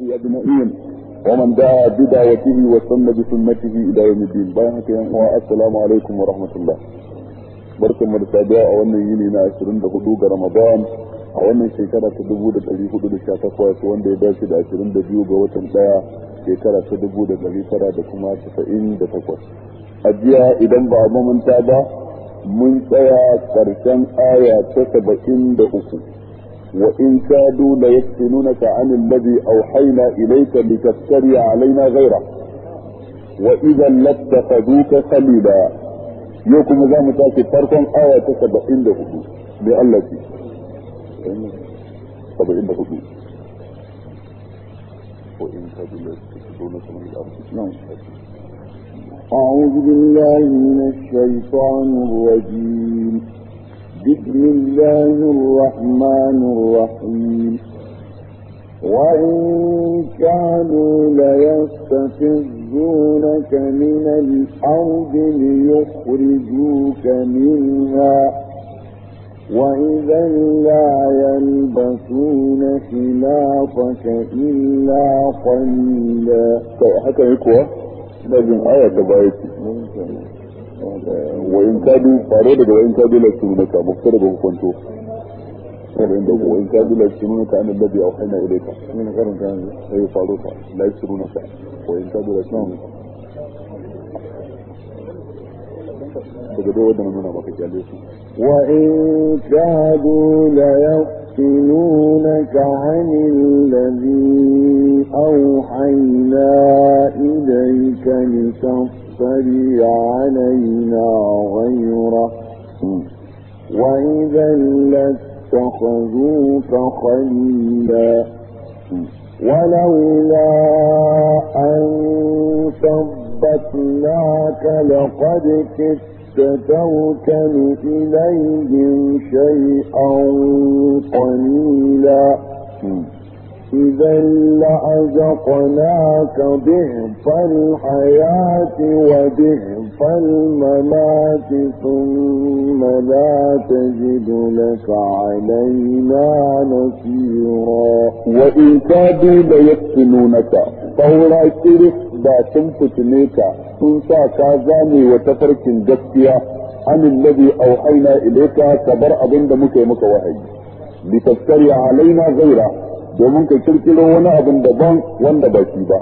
أجمعين ومن دعا بدعوته وسن بسنته إلى يوم الدين bayan السلام عليكم ورحمة الله barkan mu da saduwa a wannan yini na 24 ga Ramadan a wannan shekara ta 1418 wanda ya dace da 22 ga watan ɗaya shekara ta 1900 da kuma 98 a jiya idan ba a mamanta ba mun tsaya karshen aya ta 73 وإن كادوا ليفتنونك عن الذي أوحينا إليك لتفتري علينا غيره وإذا لاتخذوك خليلا يوكم إذا متاكد فرقا آية تسبعين لهدوء لألتي سبعين لهدوء وإن كادوا ليفتنونك من الأرض نعم أعوذ بالله من الشيطان الرجيم بسم الله الرحمن الرحيم وإن كانوا ليستفزونك من الأرض ليخرجوك منها وإذا لا يلبسون خلافك إلا قليلا. طيب حتى يكوى لازم آية ممكن. wayin kadu faro daga wayin kadu la sununaka mufta daga hukunto wayin daga wayin kadu la sununaka an alladhi awhayna ilayka min garin kan sai faro ta la sununaka wayin kadu la sununaka daga dai wannan nuna maka kyale su wa in kadu la يسألونك عن الذي أوحينا إليك لتفعل يفتري علينا غيره وإذا لاتخذوك خليلا ولولا أن ثبتناك لقد كدت توكل إليهم شيئا قليلا إذا لأزقناك ضعف الحياة وضعف الممات ثم لا تجد لك علينا نصيرا وإن كادوا ليفتنونك فهو لا كرف دا تنفتنيك تنسى كازاني وتفرك جسيا عن الذي أوحينا إليك كبر أبن دمك مك وحي لتفتري علينا غيره domin ka kirkiro wani abin daban wanda ba shi ba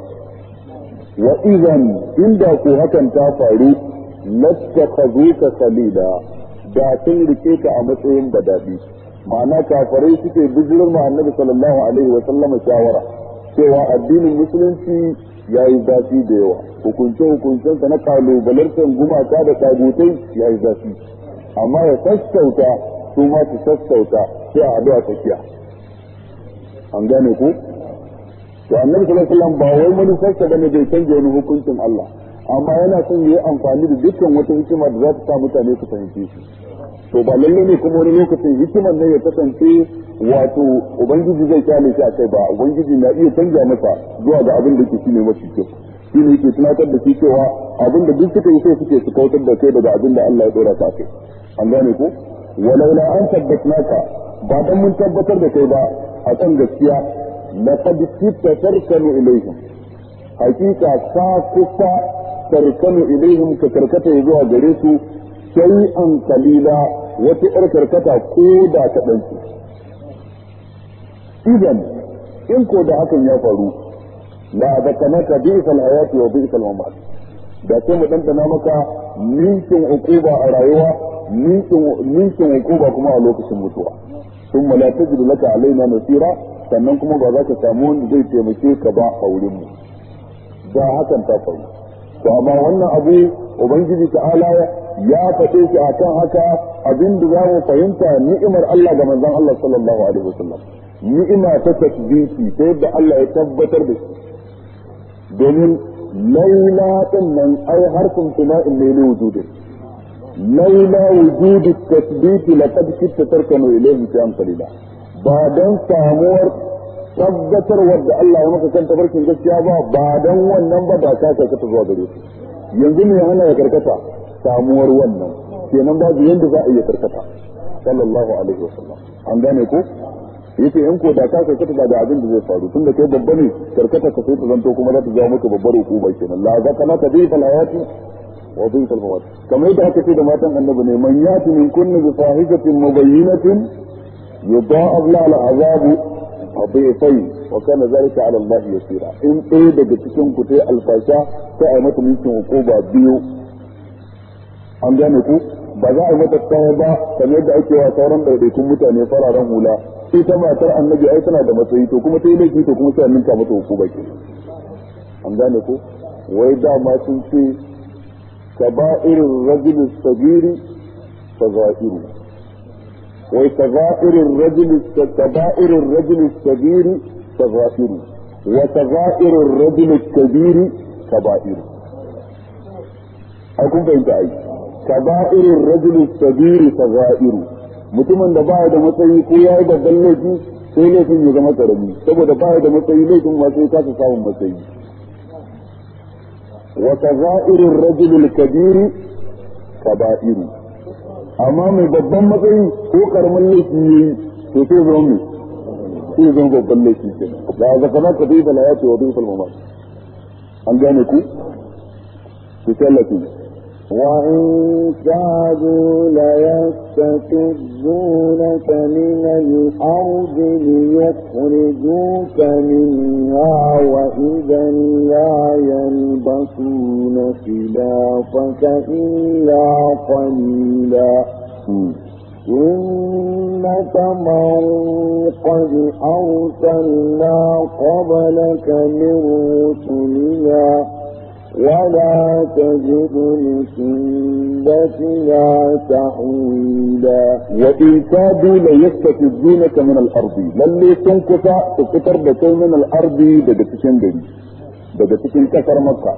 wa idan inda ko hakan ta faru ka salida da sun rike ka a matsayin daɗi ma'ana kafarai suke bijirin annabi sallallahu alaihi wa shawara cewa addinin musulunci yayi zafi da yawa hukunce hukuncen na can gumaka da ya yayi zafi amma ya sassauta su ma su sassauta sai a addu'a tsakiya an gane ku to annabi sallallahu alaihi wasallam ba wai manufarsa bane bai canje wani hukuncin Allah amma yana son yi amfani da dukkan wata hikima da za ta sa mutane su fahimci shi to ba lalle ne kuma wani lokacin hikimar ne ya kasance wato ubangiji zai kyale shi a kai ba ubangiji na iya canja masa zuwa ga abin da ke shi ne mafi kyau shi ne yake tunatar da shi cewa abin da duk suka yi sai suke su kautar da kai daga abin da Allah ya dora ta kai an gane ko walaula an tabbatnaka ba dan mun tabbatar da kai ba a kan gaskiya laqad kitta tarkanu ilaihim hakika ka kusa tarkanu ilaihim ka karkata ya zuwa gare su sai an kalila wata yar karkata ko da ta ɗansu idan in ko da hakan ya faru la zakanaka bi'sal hayati wa bi'sal mamat da sai mu dandana maka ninkin ukuba a rayuwa ninkin ninkin ukuba kuma a lokacin mutuwa thumma ta tajidu laka alaina nasira sannan kuma ba za ka samu wani zai taimake ka ba a wurin mu da hakan ta faru to amma wannan abu ubangiji ta'ala ya faɗe shi akan haka abin da za mu fahimta ni'imar Allah ga manzon Allah sallallahu alaihi wasallam ni'ima ta tasbihi ta yadda Allah ya tabbatar da shi domin laila din nan ai harfin tuna'in ne ne wujudin laula wujudu tasbiti laqad kitta tarkanu ilayhi shay'an qalila ba dan samuwar tabbatarwar da Allah ya maka kan tabarkin gaskiya ba ba dan wannan ba da ka karkata zuwa gare shi yanzu hana ya karkata samuwar wannan kenan babu yanda za a iya karkata sallallahu alaihi an in ko da ka karkata daga abin da zai faru da kai babba ne karkata ka sai ta zanto kuma za ta jawo maka babbar hukuma kenan la zakana tadifal hayati wa dhif كما يدعى كثير yadda aka ce da matan annabi ne man مبينة min kunna bi fahishatin mubayyinatin yudha'af la al azabu adifai wa kana zalika ala Allah yasira in ɗaya daga cikin biyu an gane ku ba za a mata tsawo ba kamar yadda ake wa sauran ɗaiɗaikun mutane fararen hula ita matar annabi ai tana da matsayi to kuma ta yi laifi to kuma sai an ninka mata hukuma ke an gane ku wai dama sun ce كبائر الرجل الصغير كبائر وكبائر الرجل كبائر الرجل الصغير كبائر وكبائر الرجل الكبير كبائر أكون بين أي كبائر الرجل الصغير كبائر متمن da baya da matsayi ko ya yi babban laifi sai laifin ya zama karami saboda baya da matsayi laifin ma sai ka وكبائر الرجل الكبير amma أمامي babban matsayi ko karamin laifi yayi ko sai zo mu sai zo babban laifi kenan da zakana ka dai bala ya wa falmama an gane ku وإن كادوا ليستفزونك من الأرض ليخرجوك منها وإذا لا يلبسون خلافك إلا قليلا إنك من قد أرسلنا قبلك من رسلنا ولا تجد لسنتنا تحويلا وإيكادوا ليستفزونك من الأرض للي تنكسا تكتر بكي من الأرض بدكتشن دين بدكتشن كسر مكة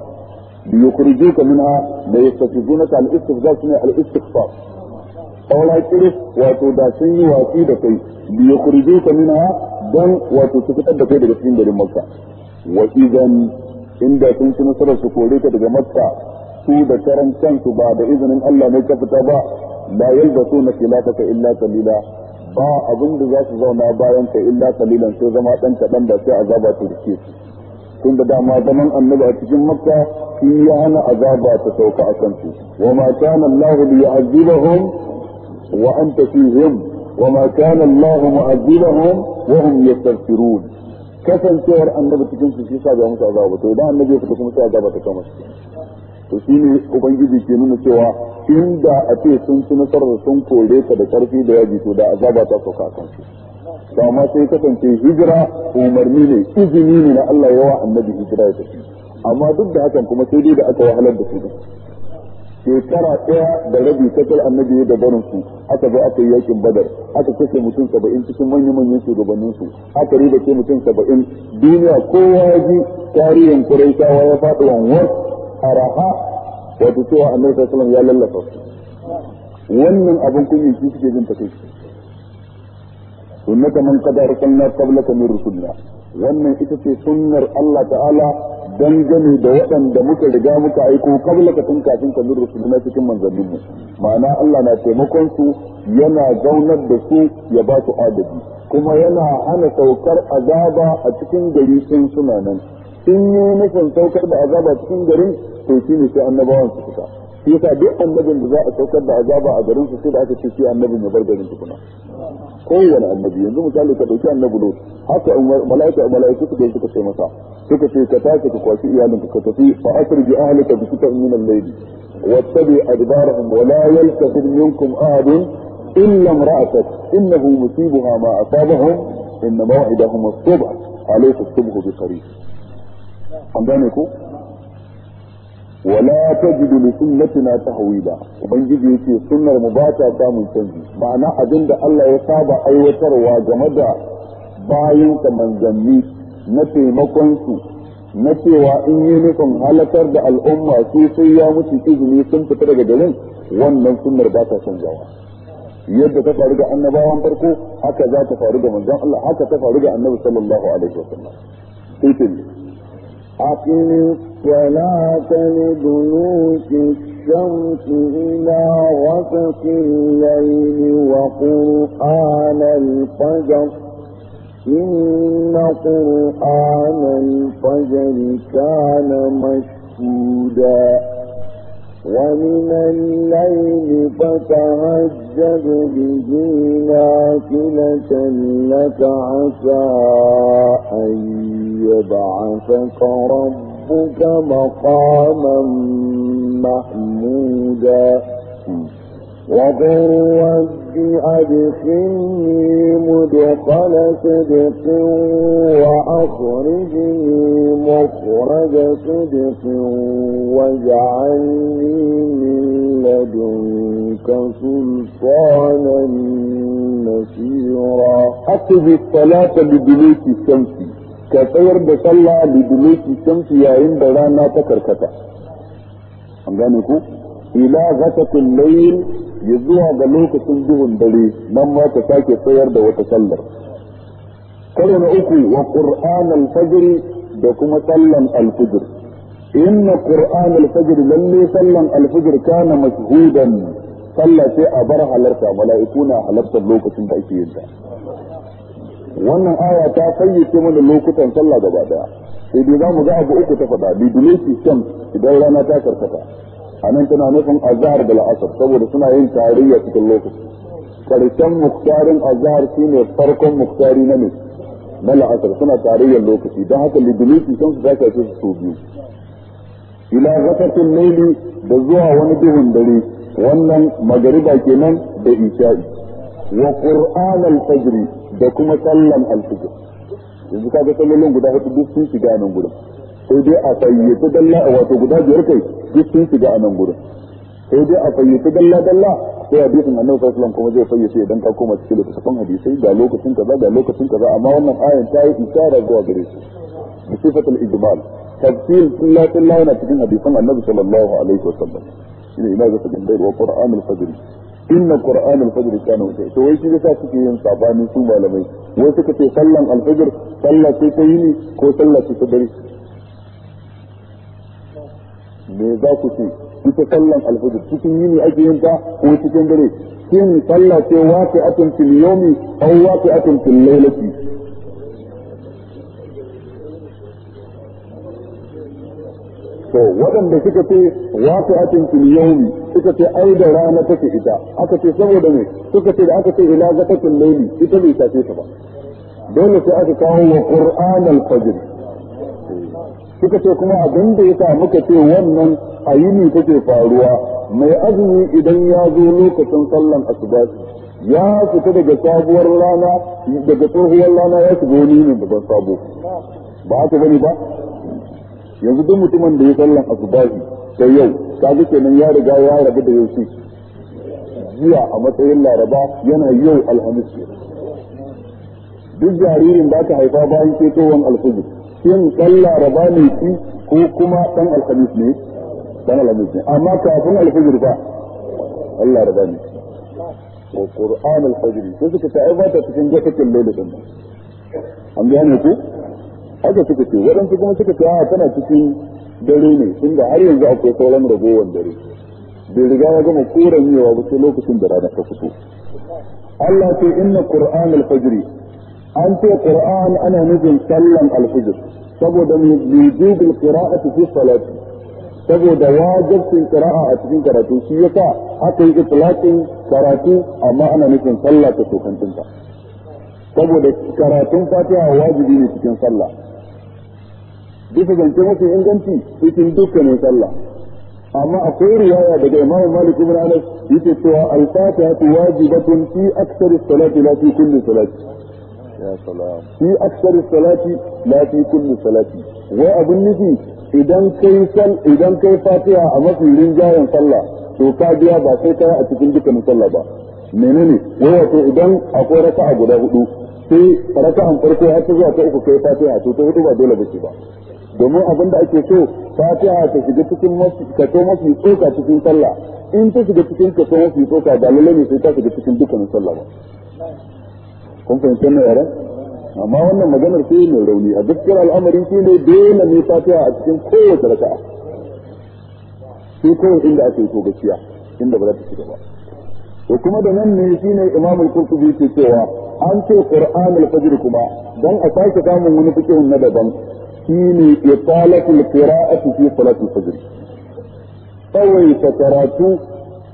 ليخرجوك منها ليستفزونك على الاستفزاز الاستخفاف أولا يكرس وتداسي وفيدكي ليخرجوك منها دن واتو وتسكتر بكي بدكتشن دين مكة وإذا inda sun ci nasarar su kore ta daga makka su da karan kansu ba da izinin Allah ne ka fita ba la yalbasuna khilafaka illa qalila ba abin da za su zauna bayan ka illa qalilan sai zama dan kadan da sai azaba ta rike su tun da dama zaman annabi a cikin makka shi ya hana azaba ta sauka akan su wa ma kana Allah bi liya'azibahum wa anta fihim wa ma kana Allah mu'azibahum wa hum yastaghfirun kasancewar annabi cikin su shi sa musu azaba to idan annabi ya fita kuma sai azaba ta kama shi to shine ubangiji ke nuna cewa inda a ce sun ci nasarar sun kore ka da karfi da yaji to da azaba ta sauka kan su to amma sai kasance hijira umarni ne izini ne na Allah yawa annabi hijira ya tafi amma duk da hakan kuma sai dai da aka wahalar da su shekara ɗaya da rabi kakal annabi ya dabarin su aka zo aka yi yakin badar aka kashe mutum saba'in cikin manya-manyan shugabannin su aka riba ce mutum saba'in duniya kowa ya ji tarihin kuraitawa ya faɗi wanwar araha wato cewa annabi sallallahu ya lallafa su wannan abin kun kunyi shi suke jin takaici sunnata man qadara sanna qablaka min rusulina wannan ita ce sunnar Allah ta'ala gani da waɗanda muka riga muka aiko kabla ka tun kafin ka lura su na cikin manzannin mu ma'ana Allah na taimakon su yana zaunar da su ya ba su adabi kuma yana hana saukar azaba a cikin gari sun suna nan sun yi nufin saukar da azaba cikin gari to shine sai annabawan su fita shi yasa duk annabin da za a saukar da azaba a garin su sai da aka ce shi annabin ya bar garin tukuna kowane annabi yanzu misali ka dauki annabi lut haka malaika malaika suka suka ce masa suka ce ka tashi ka kwashi iyalin ka tafi fa asri bi ahlika bi kitabin min al-layl wa tabi adbarahum wa la yaltafit minkum ahad illa imra'atak innahu musibuha ma asabahum inna maw'idahum as-subh alayka as-subh bi qarib an gane ko wala tajidu li sunnatina tahwila ubangiji yake sunnar mu ba ta samun canji ma'ana da Allah ya saba aiwatarwa game da bayan ka manzanni na taimakon su na cewa in unifom halartar da al'umma su sai ya mutu izini sun fita daga garin wannan sunnar ba ta canjawa yadda ta faru ga annabawan farko haka za ta faru ga Allah ta faru ولا تلد نوت الشمس إلى غسق الليل وقرآن الفجر إن قرآن الفجر كان مشهودا ومن الليل فتهجد به نافلة لك عسى أن يبعثك ربك ربك مقاما محمودا وقل رب أدخلني مدخل صدق وأخرجني مخرج صدق واجعلني من لدنك سلطانا نصيرا أقم الصلاة لدنيك الشمس ka tsayar da sallah da duluki shamsu yayin da rana ta karkata an gane ku ila ghasaqil layl ya zuwa ga lokacin duhun dare nan ma ka sake tsayar da wata sallar karo na uku wa qur'an al-fajr da kuma sallan al-fajr inna qur'an al-fajr lalle sallan al-fajr kana mashhudan sallah sai a bar halarta mala'iku na halartar lokacin da ake yin ta wannan aya ta fayyace mana lokutan sallah gaba daya sai dai zamu ga abu uku ta faɗa bidulati shams idan rana ta karkata anan tana nufin azhar da la'asar saboda suna yin tarayya cikin lokaci karshen muktarin azhar shine farkon muktari na ne na la'asar suna tarayyar lokaci don haka bidulati shams za ka ce su biyu ila ghasatil layli da zuwa wani duhun dare wannan magariba kenan da isha'i wa qur'an al-fajr da kuma sallan alfijir yanzu ka ga sallolin guda hudu duk sun shiga nan gurin sai dai a fayyace dalla a wato guda biyar kai duk sun shiga a nan gurin sai dai a fayyace dalla dalla sai hadisin annabi sallallahu alaihi kuma zai fayyace idan ka koma cikin littafin hadisai ga lokacin kaza ga lokacin kaza amma wannan ayan ta yi isara zuwa gare shi bi sifatul ijmal tafsir kullu kullu yana cikin hadisin annabi sallallahu alaihi wasallam shine ina ga fadin da qur'anul fajr inna qur'an al-fajr kana wuce to wai shi sa suke yin sabani su malamai wai suka ce sallan al-fajr sallah ce ta yini ko sallah ce ta dare me za ku ce kike sallan al-fajr cikin yini ake yin ta ko cikin dare shin sallah ce waqi'atun fil yawmi aw waqi'atun fil laylati to waɗanda suka ce waqi'atin fil yawmi suka ce ai da rana take ita aka ce saboda me suka ce da aka ce ila zakatul layli ita bai tafi ta ba dole sai aka kawo wa qur'an al-fajr suka ce kuma abin da yasa muka ce wannan ayini take faruwa mai azumi idan ya zo lokacin sallan asuba ya fita daga sabuwar rana daga tsohuwar rana ya shiga wani ne daban sabo ba haka bane ba yanzu duk mutumin da ya sallan asubahi sai yau kaga kenan ya riga ya rabu da yau jiya a matsayin laraba yana yau alhamis duk jaririn da ta haifa bayan ketowar alfajir shin dan laraba ne shi ko kuma dan alhamis ne dan alhamis ne amma kafin alfajir ba Allah laraba ne ko qur'an alfajr sai suka ta aibata cikin jakatin lailatan an gane ku haka suka ce waɗansu kuma suka ce a tana cikin dare ne inda har yanzu akwai sauran ragowar dare bai riga ya gama koren yawa ba sai lokacin da rana ta fito Allah ce inna Qur'an al-fajr an ce Qur'an ana nufin sallan al-fajr saboda mai bidul qira'ati fi salati saboda wajibcin qira'a a cikin karatu shi yasa aka yi itlaqin karatu amma ana nufin sallah ta tokantinta saboda karatun fatiha wajibi ne cikin sallah bisa zance mafi inganci cikin dukkanin sallah amma akwai riwaya daga imamu malik ibn anas yace cewa al-fatiha wajibatun fi aktsari salati la fi kulli salati ya salam fi aktsari salati la fi kulli salati wai abun nufi idan kai sal idan kai fatiha a mafi rinjayen sallah to ka biya ba sai kai a cikin dukkanin sallah ba menene wato idan akwai raka'a guda hudu sai raka'an farko har ta zuwa ta uku kai fatiha to ta hudu ba dole ba ce ba domin abin da ake so fatiha ta shiga cikin kaso mafi tsoka cikin sallah in ta shiga cikin kaso mafi tsoka ba lallai ne sai ta shiga cikin dukkanin sallah ba kun fahimta ne yaran amma wannan maganar sai mai rauni a gaskiyar al'amari shi ne dole ne fatiha a cikin kowace raka'a sai kawai inda ake so gaskiya inda ba za ta shiga ba to kuma da nan ne shine Imam Al-Qurtubi ke cewa an ce Qur'an al-Fajr kuma dan a sake samun wani fikihin na daban shine italatul qira'ati fi salatul fajr kawai ta karatu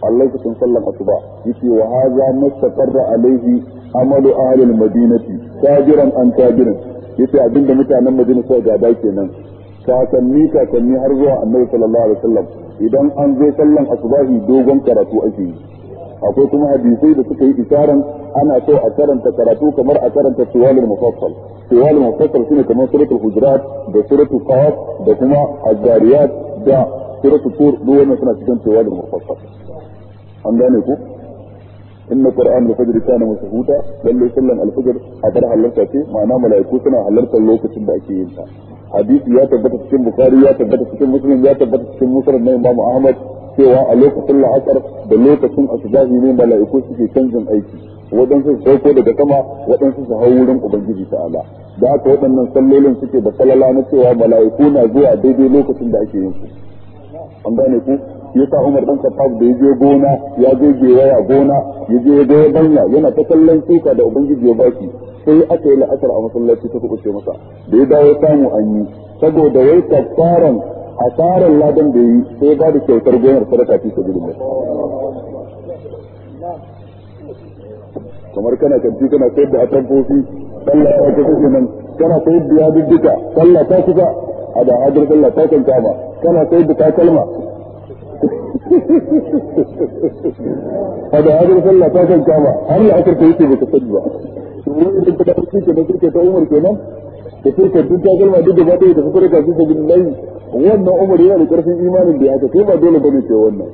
a lokacin sallan asuba yace wa hadha mustaqarra alaihi amalu ahli almadinati tajiran an tajiran yace abinda mutanen madina suka gada kenan kakanni kakanni har zuwa annabi sallallahu alaihi wasallam idan an zo sallan asubahi dogon karatu ake yi akwai kuma hadisai da suka yi isharan ana so a karanta karatu kamar a karanta siwalul mufassal siwalul mufassal shine kamar suratul hujurat da suratul qaf da kuma az-zariyat da suratul tur duk wannan suna cikin siwalul mufassal an gane ku inna qur'an al-fajr kana mashhuda lalle sallan al-fajr a bar halarta ce ma'ana mala'iku suna halartar lokacin da ake yin ta hadisi ya tabbata cikin bukhari ya tabbata cikin muslim ya tabbata cikin musnad na imam ahmad cewa a lokacin la'asar da lokacin asubahi ne mala'iku suke canjin aiki waɗansu su sauko daga sama waɗansu su hau wurin ubangiji ta'ala da haka waɗannan sallolin suke da salala na cewa mala'iku na zuwa daidai lokacin da ake yin su an gane ku yasa Umar dan kafaf da yaje gona ya je gewaya gona yaje ya ga banya yana ta kallon shuka da ubangiji ya baki sai aka yi la'asar a masallaci ta kuɓuce masa da ya dawo samu an yi saboda wai kafaran a tsarin ladan da yi sai ba da kyautar gonar sadaka fi sabilillah kamar kana kanti kana sayar da kofi sallah ta kusa nan kana sayar da yadudduka sallah ta kusa a da hadar sallah ta kan kama kana sayar da takalma a da hadar sallah ta kan kama har yi akar ta yake baka sani ba wani da ta dace ke na kirke ta umar kenan da kirke duk takalma duk da ba ta yi tafi kasu kafin sabilillah wannan umar yana da karfin imanin da haka kai ba dole bane ce wannan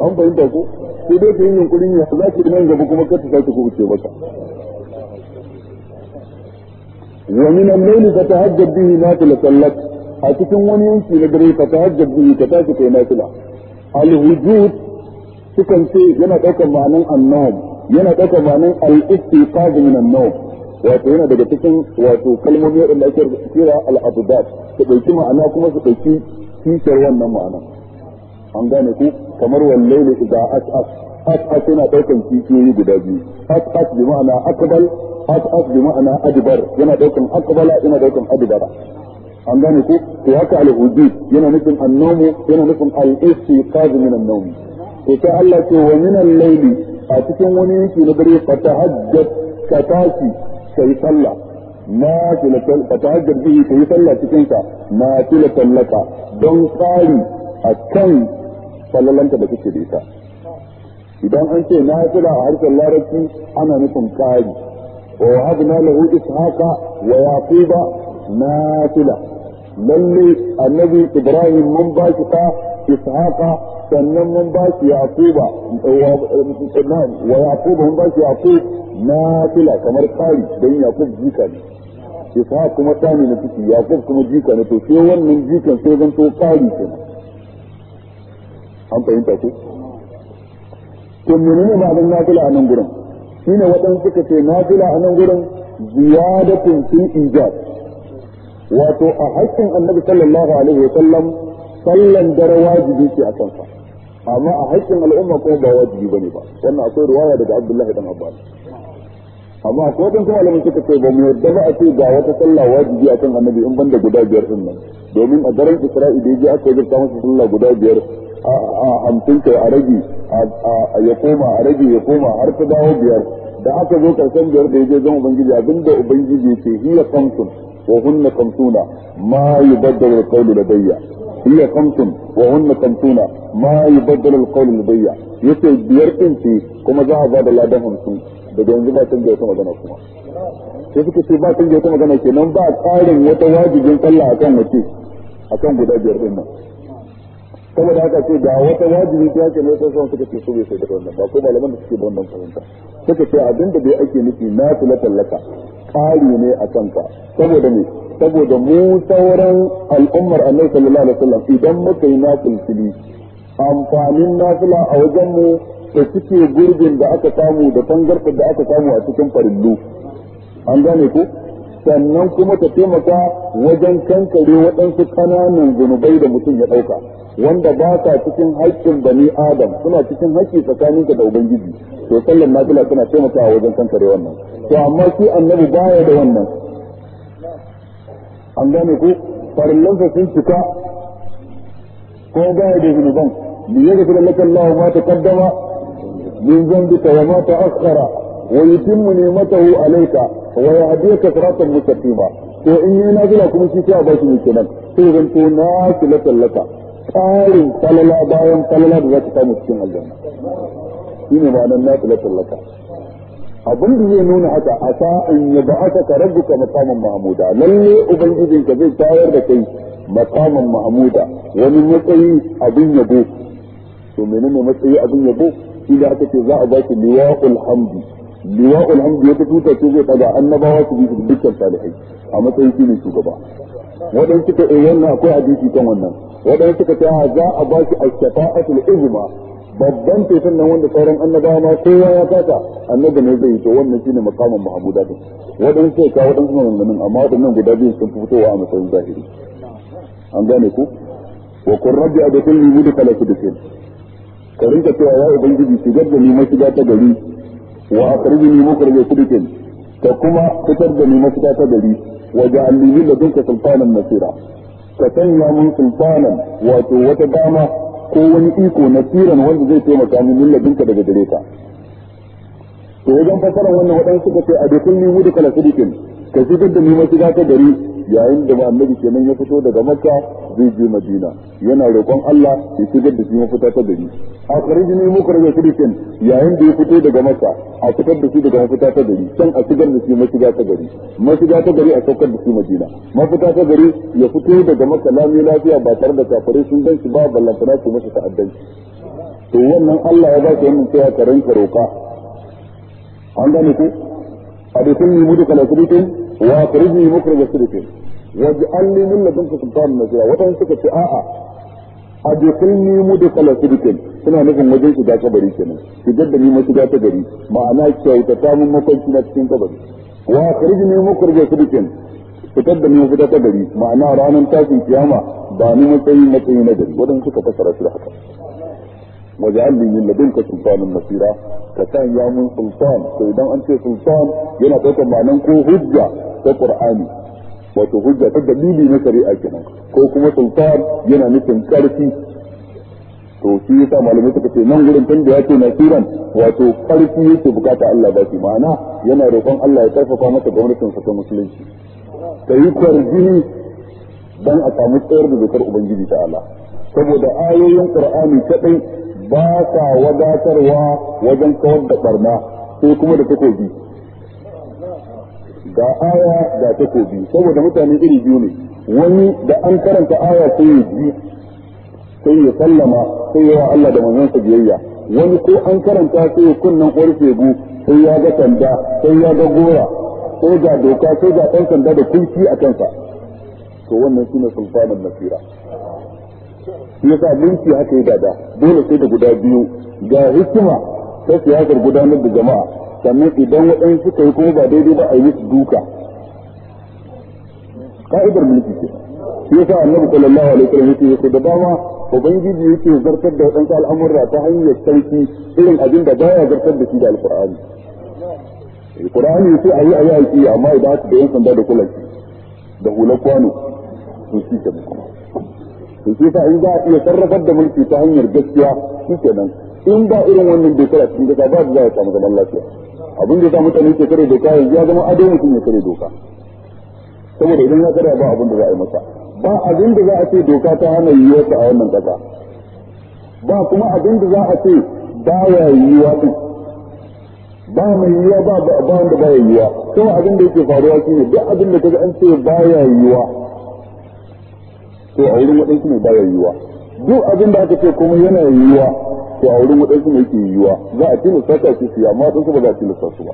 an fahimta ko sai dai ka yi yunkurin ya za ki nan gaba kuma kar ta sake ku ce maka wa min al-layl fatahajjab bihi nafila sallat a cikin wani yanki na dare fatahajjab bihi ka tashi kai nafila al-wujud sukan ce yana daukar ma'anan annawm yana daukar ma'anan al-istiqaz min an-nawm wato yana daga cikin wato kalmomi waɗanda ake kira al'abudat su ɗauki ma'ana kuma su ɗauki kishar wannan ma'ana an gane ku kamar wallaili idza as'as as'as yana ɗaukan kishiyoyi guda biyu as'as bi ma'ana akbal as'as bi ma'ana adbar yana ɗaukan akbala yana ɗaukan adbara an gane ku to haka al-hudud yana nufin annomu yana nufin al-istiqaz min an-nawm to sai Allah ce wa min al-layli a cikin wani yanki na dare fatahajjat ka tashi kai sallah ma tilatan ka tahajjar bihi kai sallah cikin sa ma tilatan laka don kari akan sallalanta da kake da ita idan an ce na kira a harshen larabci ana nufin kari wa wahabna lahu ishaqa wa yaquba nafila lalle annabi ibrahim mun ba shi ka ishaqa sannan mun ba shi yaquba wa yaquba mun ba shi yaqub na fila kamar kari don yaqub jika ne ishaq kuma tani na ciki yaqub kuma jika ne to sai wannan jikan sai zan to kari kenan an fahimta ko to menene ma'anar nafila a nan gurin shine waɗansu suka ce nafila a nan gurin ziyadatun fil ijab wato a haƙƙin annabi sallallahu alaihi wa sallam sallan dare wajibi ce a kansa amma a haƙƙin al'umma kuma ba wajibi bane ba wannan akwai ruwaya daga Abdullahi dan Abbas amma ko dan kuma malamin suka ce ba mu yadda ba a ce ga wata sallah wajibi a kan annabi in banda guda biyar din nan domin a daren Isra'i da yaji aka yi masa sallah guda biyar a hamsin kai a rage ya koma a rage ya koma har ta dawo biyar da aka zo karshen biyar da yaje zan ubangiji abinda ubangiji ce hiya kamsun wa hunna kamsuna ma yubaddalu al-qawlu ladayya hiya kamsun wa hunna kamsuna ma yi yubaddalu alqawl mudayya yace biyar din ce kuma za a ba da ladan hamsin daga yanzu ba canza wata magana kuma sai suka ce ba canza wata magana kenan ba tsarin wata wajibin sallah akan mace kan guda biyar ɗin nan saboda haka ce ga wata wajibi ta ce ne sai suka ce su bai sai da wannan ba ko malaman da suke da wannan fahimta suka ce abin da bai ake nufi na tula tallaka ƙari ne a kan ka saboda ne saboda mu sauran al'ummar annabi sallallahu alaihi wasallam idan muka yi na amfanin nafila a wajenmu da suke gurbin da aka samu da tangarfa da aka samu a cikin farillu an gane ku sannan kuma ta taimaka wajen kankare waɗansu ƙananan zunubai da mutum ya ɗauka wanda ba sa cikin haƙƙin bani adam suna cikin haƙƙi tsakaninka da ubangiji to sallan nafila suna taimakawa wajen kankare wannan to amma shi annabi baya da wannan an gane ku farillansa sun cika ko baya da zunuban liyaghfir laka Allahu ma kaddama min dhanbika wa ma ta askara wa yutimmu ni'matahu alayka wa yahdika siratan mustaqima to in yi nazila kuma shi ta a ba shi ne kenan sai zan to na kilatan laka ƙarin falala bayan falala da za ta samu cikin aljanna shine nan na kilatan laka abin da zai nuna haka a sa an yi ba aka ka rabbuka makaman mahmuda lalle ubangijin ka zai tayar da kai makaman mahamuda wani matsayi abin yabo to menene matsayi abin yabo shi da aka ce za a ba ki liwa'ul hamdi liwa'ul hamdi wata tuta ce zai taga annabawa su bi su dukkan salihai a matsayin shi ne shugaba waɗansu ka eh wannan akwai hadisi kan wannan waɗansu ka ta za a baki a shafa'atul izma babban ceton nan wanda sauran annabawa ma kowa ya kasa annabi ne zai yi to wannan shine makamin mahmuda din wadansu sai ka wadansu maganganun amma wadannan guda biyu sun fitowa a matsayin zahiri an gane ku wa kun rabbi adakun ni mudu kala kudukin ka rinka cewa ya ubangiji shigar da ni mashiga ta gari wa akhrijni mukhrij kudukin ka kuma fitar da ni mashiga ta gari wa ja'alni min ladunka sultanan nasira ka sanya mun sultanan wato wata dama ko wani iko na tiran wanda zai taimaka min min daga gare ka to wajen fasaran wannan waɗansu suka ce a da wudu kala sidikin ka shigar da ni shiga ta gari yayin da annabi kenan ya fito daga makka zai je madina yana roƙon Allah ya shigar da shi mafita ta gari a kharijni mukhrij sidiqin yayin da ya fito daga makka a fitar da shi daga mafita ta gari can a shigar da shi mashiga ta gari mashiga ta gari a saukar da shi madina mafita ta gari ya fito daga makka lami lafiya ba tare da kafirai sun gan shi ba ballantana su masa ta'addanci to wannan Allah ya ba shi wannan sai ka karanta roƙa an gane ko أدخلني مدخل صدق وأخرجني مخرج صدق واجعل لي من لدنك سلطان نزيرا وطن سكت أدخلني مدخل صدق suna nufin wajen shiga kabari kenan shigar da ni mashiga ta gari ma'ana kyautata mun mafarki na cikin kabari wa akhrijni mukhrijal sidiqin fitar da ni fita ta gari ma'ana ranar tashin kiyama ba ni matsayi matsayi na gari wadan suka da haka wajen li min ladunka sultanan nasira ka san ya mun sultan to idan an ce sultan yana ɗaukar ma'anan ko hujja ta qur'ani wato hujja ta dalili na shari'a kenan ko kuma sultan yana nufin karfi to shi yasa malamai suka ce nan gurin tun da yake nasiran wato karfi yake bukata Allah ba shi ma'ana yana roƙon Allah ya karfafa masa gwamnatin sa ta musulunci ta yi kwarjini dan a samu tsayar da dokar ubangiji ta Allah saboda ayoyin qur'ani kadai ba sa wadatarwa wajen kawar da barna sai kuma da takobi ga aya ga takobi saboda mutane iri biyu ne wani da an karanta aya sai ya ji sai ya sallama sai ya wa Allah da manzon sa biyayya wani ko an karanta sai ya kunnan ƙwarfe bu sai ya ga sanda sai ya ga gora sai ga doka sai ga ɗan sanda da kunci a kansa to wannan shine sulfanin nasira ya sa mulki haka yi gada dole sai da guda biyu ga hikima ta siyasar gudanar da jama'a sannan idan waɗansu suka yi kuma ba daidai ba a yi musu duka ka'idar mulki ce shi yasa annabi sallallahu alaihi wasallam yake yake da dama ubangiji yake zartar da waɗansu al'amurra ta hanyar sarki irin abin da baya zartar da shi da alqur'ani alqur'ani sai a yi aiki amma idan aka da yan sanda da kulaki da hular kwano to shi ke kuma to shi sa in za a iya sarrafar da mulki ta hanyar gaskiya shi nan in ba irin wannan dokar a cikin kasa ba za a samu zaman lafiya abin da ya mutane ke kare doka yanzu ya zama ado mutum ya kare doka saboda idan ya kare ba abin da za a yi masa ba abin da za a ce doka ta hana ta a wannan kasa ba kuma abin da za a ce ba ya yiwuwa din ba mai yiwuwa ba ba wanda ba ya yiwuwa kawai abin da yake faruwa shine duk abin da ga an ce ba ya yiwuwa to a wurin waɗansu ne baya yiwuwa duk abin da aka ce kuma yana yiwuwa to a wurin waɗansu ne yake yiwuwa za a tilasta ta ce su amma sun ba za a tilasta su ba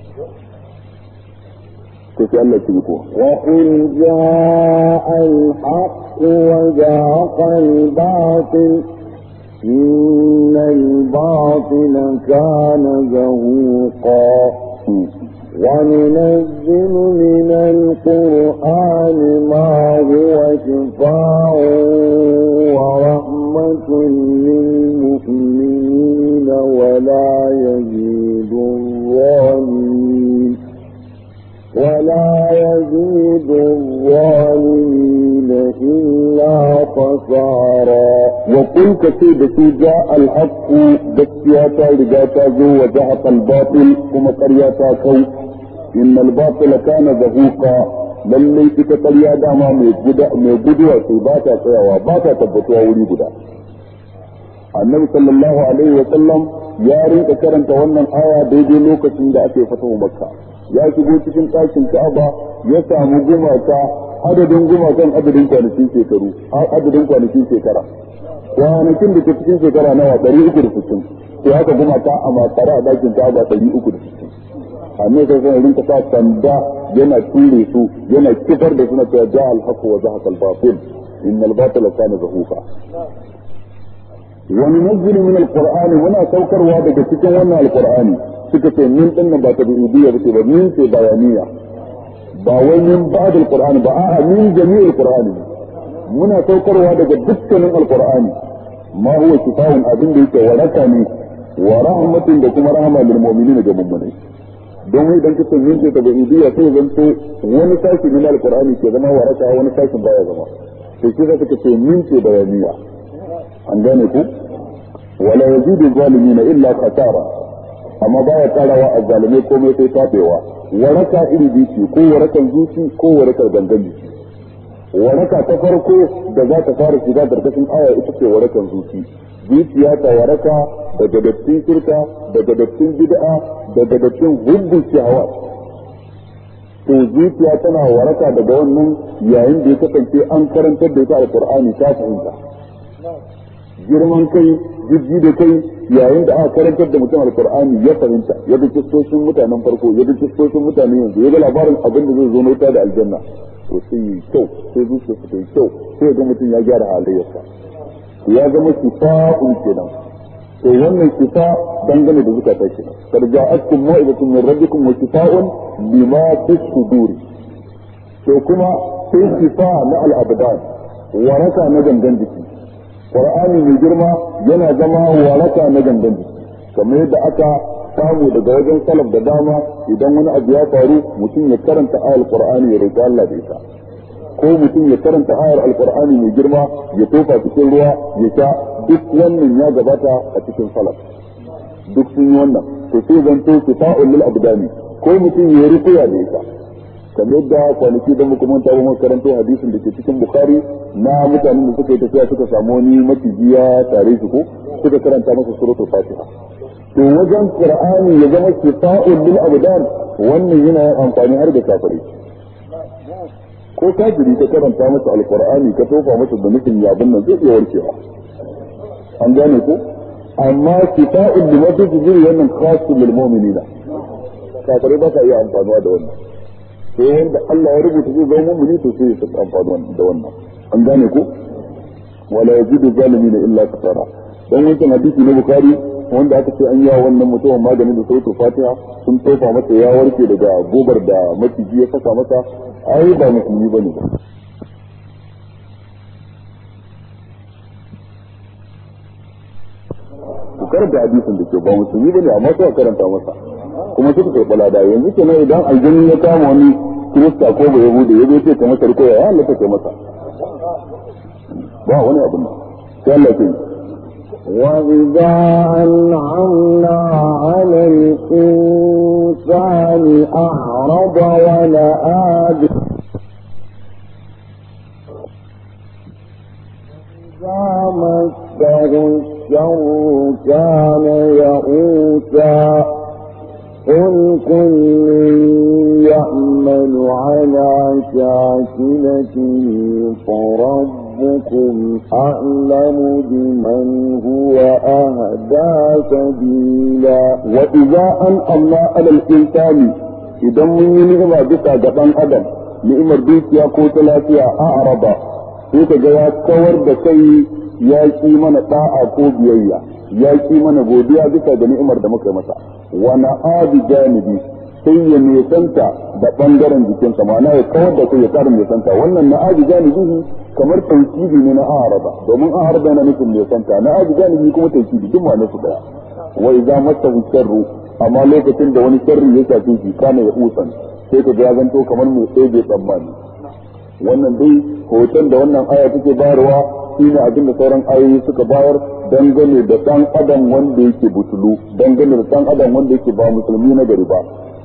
to sai Allah ya ko wa in ja'a al-haqq wa ja'a al-batil إن الباطل كان زهوقا وننزل من القرآن ما هو شفاء ورحمة للمؤمنين ولا يزيد الظالمين ولا يزيد الظالمين إلا خسارا وقل كسيدتي جاء الحق بسياتا لجاتا جو وجهة الباطل ومكرياتا كرياتا كوت innal batila kana zahuqa lallai ita ƙarya dama mai guduwa sai ba ta tsayawa ba ta tabbatuwa wuri guda annabi sallallahu alaihi wa sallam ya rinka karanta wannan aya daidai lokacin da ake fatahu makka ya shigo cikin ɗakin ka'aba ya samu gumaka adadin gumakan adadin kwanakin shekaru adadin kwanakin shekara kwanakin da ke cikin shekara nawa ɗari uku da sittin to haka gumaka a makara a ɗakin ka'aba ɗari uku da sittin annabi sai sai rinka sa sanda yana ture su yana kifar da suna cewa ja al-haqq wa zahaqa al-batil innal batila kana zahufa wa nunzilu min al-qur'an muna saukarwa daga cikin wannan al-qur'ani suka ce min din ba ta bidiya bace ba min ce bayaniya ba wai min ba'd al-qur'an ba a'a min jami'il qur'ani muna saukarwa daga dukkanin al-qur'ani ma huwa kitabun abin da yake waraka ne wa rahmatun da kuma rahama lil mu'minina ga mu'minai don wai idan kace yin ta ba'idiyya sai zan to wani sashi na alqur'ani ke zama waraka wani sashi baya zama to shi kake kace min ce da waniya an gane ku wala yazidu zalimina illa kasara. amma baya karawa a zalimai komai sai tabewa waraka iri biyu ko warakan zuci ko warakar gangan waraka ta farko da za ta fara shiga darkashin aya ita ce warakan zuci zuciya ta waraka daga dattin shirka daga dattin bid'a daga da cin hubbun to zuciya tana waraka daga wannan yayin da ya kasance an karantar da ita alkur'ani ta fahimta girman kai jijji da kai yayin da aka karantar da mutum alkur'ani ya fahimta ya ga kistoshin mutanen farko ya ga kistoshin mutanen yanzu ya ga labarin abin da zai zo na wuta da aljanna to sai yi kyau sai zuciyarsa ta kyau sai ga mutum ya gyara halayyarsa ya zama sifa'un kenan to wannan kisa dangane da zukata ke kar ja'atkum ma'idatun min rabbikum wa kifa'un bima tasudur to kuma sai kifa na al-abdan waraka na gangan jiki qur'ani mai girma yana zama waraka na gangan jiki kamar yadda aka samu daga wajen salaf da dama idan wani abu ya faru mutum ya karanta ayar qur'ani ya roƙi Allah da ita ko mutum ya karanta ayar alqur'ani mai girma ya tofa cikin ruwa ya sha duk wannan ya gabata a cikin salaf duk sun yi wannan to sai zan ki kifa'ul lil abdani ko mutum ya ya da ka kamar da kwanaki da muka manta ba muka karanto hadisin da ke cikin bukhari na mutanen da suka yi tafiya suka samu wani matijiya tare su ko suka karanta masa suratul fatiha to wajen qur'ani ya zama kifa'ul lil abdan wannan yana amfani har da kafirai ko kafiri ka karanta masa alqur'ani ka tofa masa da nufin yabin nan zai iya warkewa an gane ko amma kita'ul limatu tujiri wannan khasu lil mu'minina kafirai ba ka iya amfanuwa da wannan sai wanda Allah ya rubuta zai zama mu'mini to sai ya amfanuwa da wannan an gane ko wala yajidu zalimina illa kasara dan wancan hadisi na bukari wanda aka ce an yawa wannan mutumin maganin da sautin fatiha sun tofa masa ya warke daga gobar da maciji ya saka masa ai ba musulmi bane ba karanta hadisin da ke ba musulmi bane amma suka karanta masa kuma suka kai balada yanzu ke nan idan aljini ya kama wani kirista ko ba yahudu ya zo ce ka masa rikoya ya halatta kai masa ba wani abu ne sai Allah ke وإذا أنعمنا على الإنسان أعرض ونأى إذا مسه والشر كان يئوسا قل كل يعمل على شاكلته فربكم أعلم بمن هو أهدى سبيلا وإذا أن الله على الإنسان إذا من ينغمى بك جبان أدم لإمر بيت يا كوت أعرب أعرض كورد ka ya ƙi mana da'a ko biyayya ya ƙi mana godiya duka da ni'imar da muka masa wa na'abi janibi sai ya nisanta da bangaren jikinsa ma'ana ya kawar da kai ya ƙara nisanta wannan na'abi janibi kamar tauhidi ne na araba domin araba yana nufin nesanta na'abi janibi kuma tauhidi duk ma'anar su daya wa idza masahu sharru amma lokacin da wani sharri ya shafe shi kana ya usan sai ka ga zanto kamar mai tsaye tsammani wannan dai hoton da wannan aya take bayarwa shine abin da sauran ayoyi suka bayar dangane da ɗan adam wanda yake butulu dangane da ɗan adam wanda yake ba musulmi na gari ba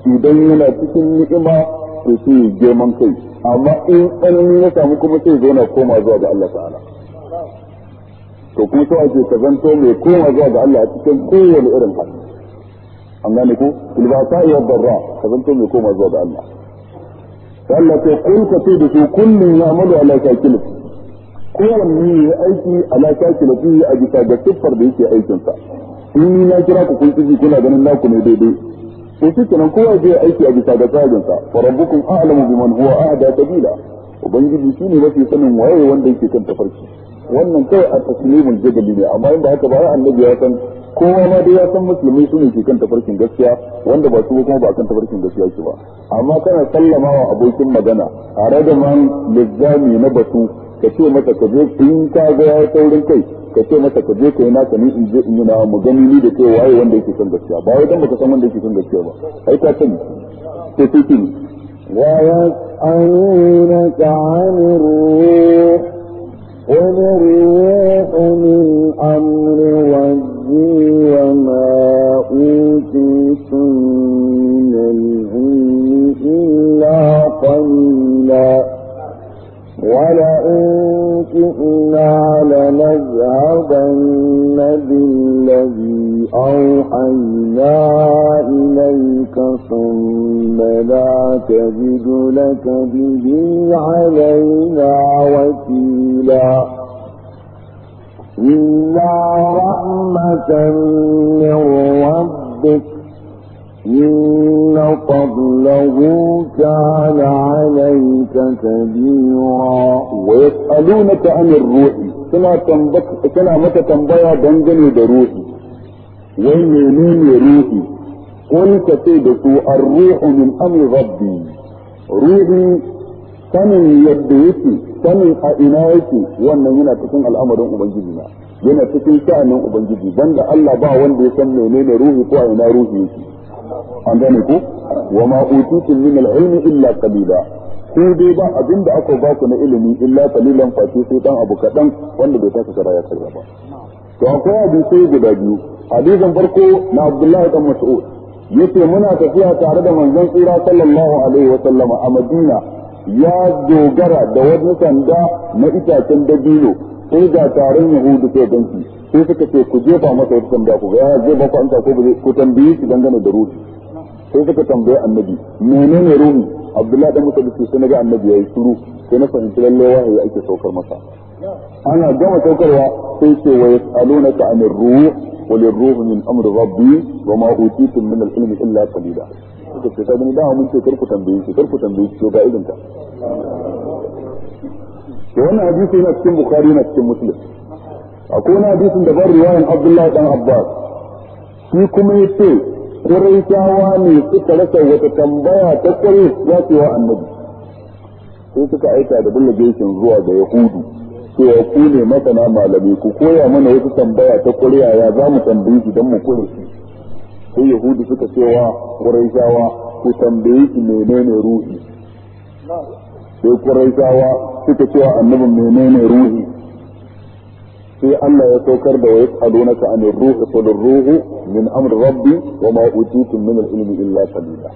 idan yana cikin ni'ima to sai girman kai amma in tsanani ya samu kuma sai zauna koma zuwa ga Allah ta'ala to kuma to ake ka zanto mai koma zuwa ga Allah a cikin kowane irin hali an gane ya barra ka zanto mai koma zuwa ga Allah Allah ta da su kullum ya amalu ala shakilin kowanne ya yi aiki a lafiya fiye a bisa ga siffar da yake aikinsa in ni na kira ku kun kiji kuna ganin naku ne daidai to shi kenan kowa zai aiki a bisa ga tsarinsa fa rabbukum a'lamu biman huwa ahda sabila ubangiji shine mafi sanin waye wanda yake kan tafarki wannan kai a taslimul jadali ne amma in ba haka ba annabi ya san kowa ma dai ya san musulmi su ne ke kan tafarkin gaskiya wanda ba su kuma ba kan tafarkin gaskiya ke ba amma kana sallama wa abokin magana a ragaman lizzami na batu ka ce masa ka je in ka ga ya saurin kai ka ce masa ka je ka yi naka ni in je in yi nawa mu gani ni da ke waye wanda yake son gaskiya ba wai dan baka san wanda yake son gaskiya ba ai ka sani to sai ki ويسألونك عن الروح قل الروح من أمر ربي وما أوتيتم من العلم illa قليلا ولئن شئنا لنذهبن بالذي أوحينا إليك ثم لا تجد لك به علينا وكيلا إلا رحمة من ربك إن فضله كان mata tambaya ويسألونك عن الروح سنا تنبك سنا متى تنبيا دنجني دروحي ومنين روحي قل كتبت الروح من أمر ربي روحي sanin yadda yake sanin a ina yake wannan yana cikin al'amarin ubangiji na yana cikin sha'anin ubangiji banda Allah ba wanda ya san menene ruhi ko a ina ruhi yake an gane ko wa ma utitu min al-ilmi illa qalila ko dai ba abin da aka baku na ilimi illa qalilan face sai dan abu kadan wanda bai taka kara ya karba ba to akwai hadisi guda biyu hadisin farko na Abdullahi da Mas'ud yace muna tafiya tare da manzon tsira sallallahu alaihi wa sallama a Madina ya dogara da wani sanda na itacen dabino sai ga taron yahudu sai su sai suka ce ku jefa masa wata tambaya ku ga ya ba ku an ko ku tambaye shi dangane da ruhi sai suka tambaye annabi menene ruhi abdullahi dan musa dace sai ga annabi yayi shiru sai na fahimci lalle wahayi ake saukar masa ana gama saukarwa sai ce wa yasalunaka anir ruh qul ar-ruh min amri rabbi wa ma utitum min al-ilmi illa qalila suka ce sai da mun ce kar ku tambaye shi kar ku tambaye shi ga izinka to wannan hadisi yana cikin bukhari yana cikin muslim akwai wani hadisin da ban riwayan abdullahi dan abbas shi kuma ya ce kuraitawa ne suka rasa wata tambaya ta kwarai za su wa annabi sai suka aika da bulletin zuwa ga yahudu cewa ku ne masana malami ku koya mana wasu tambaya ta kwarai ya za mu tambayi su don mu kure shi sai yahudu suka ce wa kuraitawa ku tambayi shi menene ruhi sai quraishawa suka cewa annabi menene ruhi sai Allah ya saukar da wayat alunaka an ruhu qul ruhu min amri rabbi wa ma utitum min al-ilmi illa qalila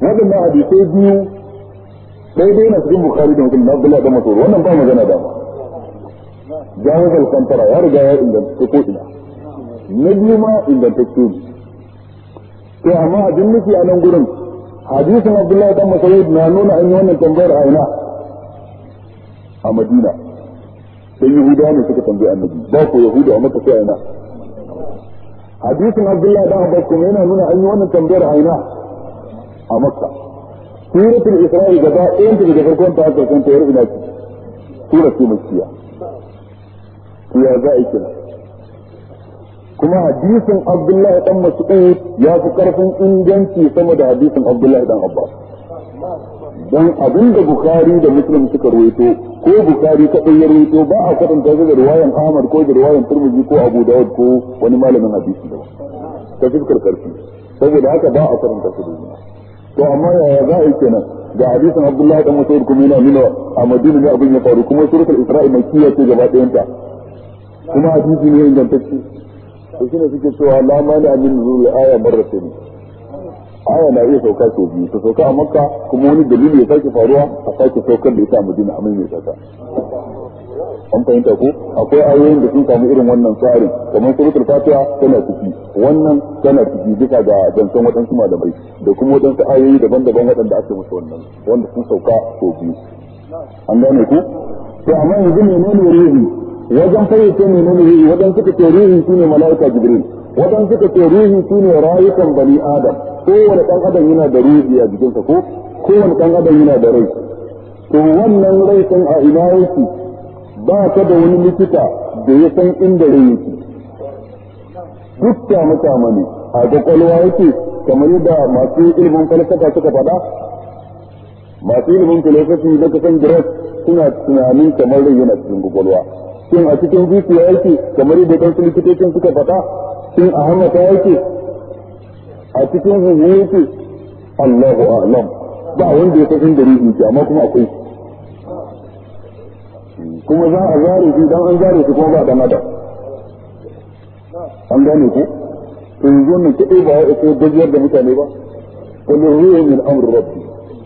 wadannan hadisai biyu Dai-dai na cikin bukhari da muslim abdullah da masur wannan ba magana da jawab al-kantara ya riga ya inganta ko ina na biyu ma ingantacce ne sai amma abin nufi a nan gurin حديث عبد الله بن مسعود ما نون ان يوم تنظر عينا امدينا آه، اليهودان سكت عن النبي باكو يهود ومكه في عينا حديث عبد الله بن عباس كما نون ان يوم تنظر عينا امكه آه، سورة الإسراء الجزاء أنت إذا فرقون تعالى كنت يرغب سورة المسيح في هذا إسراء kuma hadisin abdullahi dan mas'ud ya fi karfin inganci sama da hadisin abdullahi dan abbas don abin da Bukhari da muslim suka ruwaito ko Bukhari kaɗai ya ruwaito ba a kadan da da riwayan ahmad ko da riwayan tirmidhi ko abu dawud ko wani malamin hadisi da ta fi karfi saboda haka ba a kwatanta su da to amma yaya za a yi kenan ga hadisin abdullahi dan mas'ud kuma yana nuna a madina ne abin ya faru kuma suratul isra'i mai ce gaba ɗayanta kuma hadisi ne ingantacce to shine suke cewa la mani amin nuzul aya marratayn aya na iya sauka sau biyu ta sauka a makka kuma wani dalili ya sake faruwa a sake saukar da ita a madina amin mai sauka an fahimta ko akwai ayoyin da sun samu irin wannan tsarin kamar surutul fatiha tana ciki wannan tana ciki duka ga zancen waɗansu malamai da kuma waɗansu ayoyi daban-daban waɗanda ake musu wannan wanda sun sauka sau biyu an gane ku to amma yanzu menene rihi wajen ne nuna yi wajen suka ce ruhi ne malaika jibril wajen suka ce ruhi ne rayukan bani adam kowane kan adam yana da ruhi a jikinsa ko kowane dan adam yana da rai to wannan rai san a ina yake ba ka da wani likita da ya san inda rai yake duk ta mutama ne a kwakwalwa yake kamar yadda masu ilimin falsafa suka faɗa masu ilimin filosofi na kasan jiras suna tunanin kamar rai yana cikin kwakwalwa shin a cikin zuciya yake kamar yadda su likitocin suka faɗa shin a ta yake a cikin zuciya yake Allahu a'lam ba wanda ya san da ruhi amma kuma akwai kuma za a zare shi dan an zare shi kuma ba da mada an gane ku to yanzu ne kadai ba ya ko gajiyar da mutane ba kullu ruhi min amri rabbi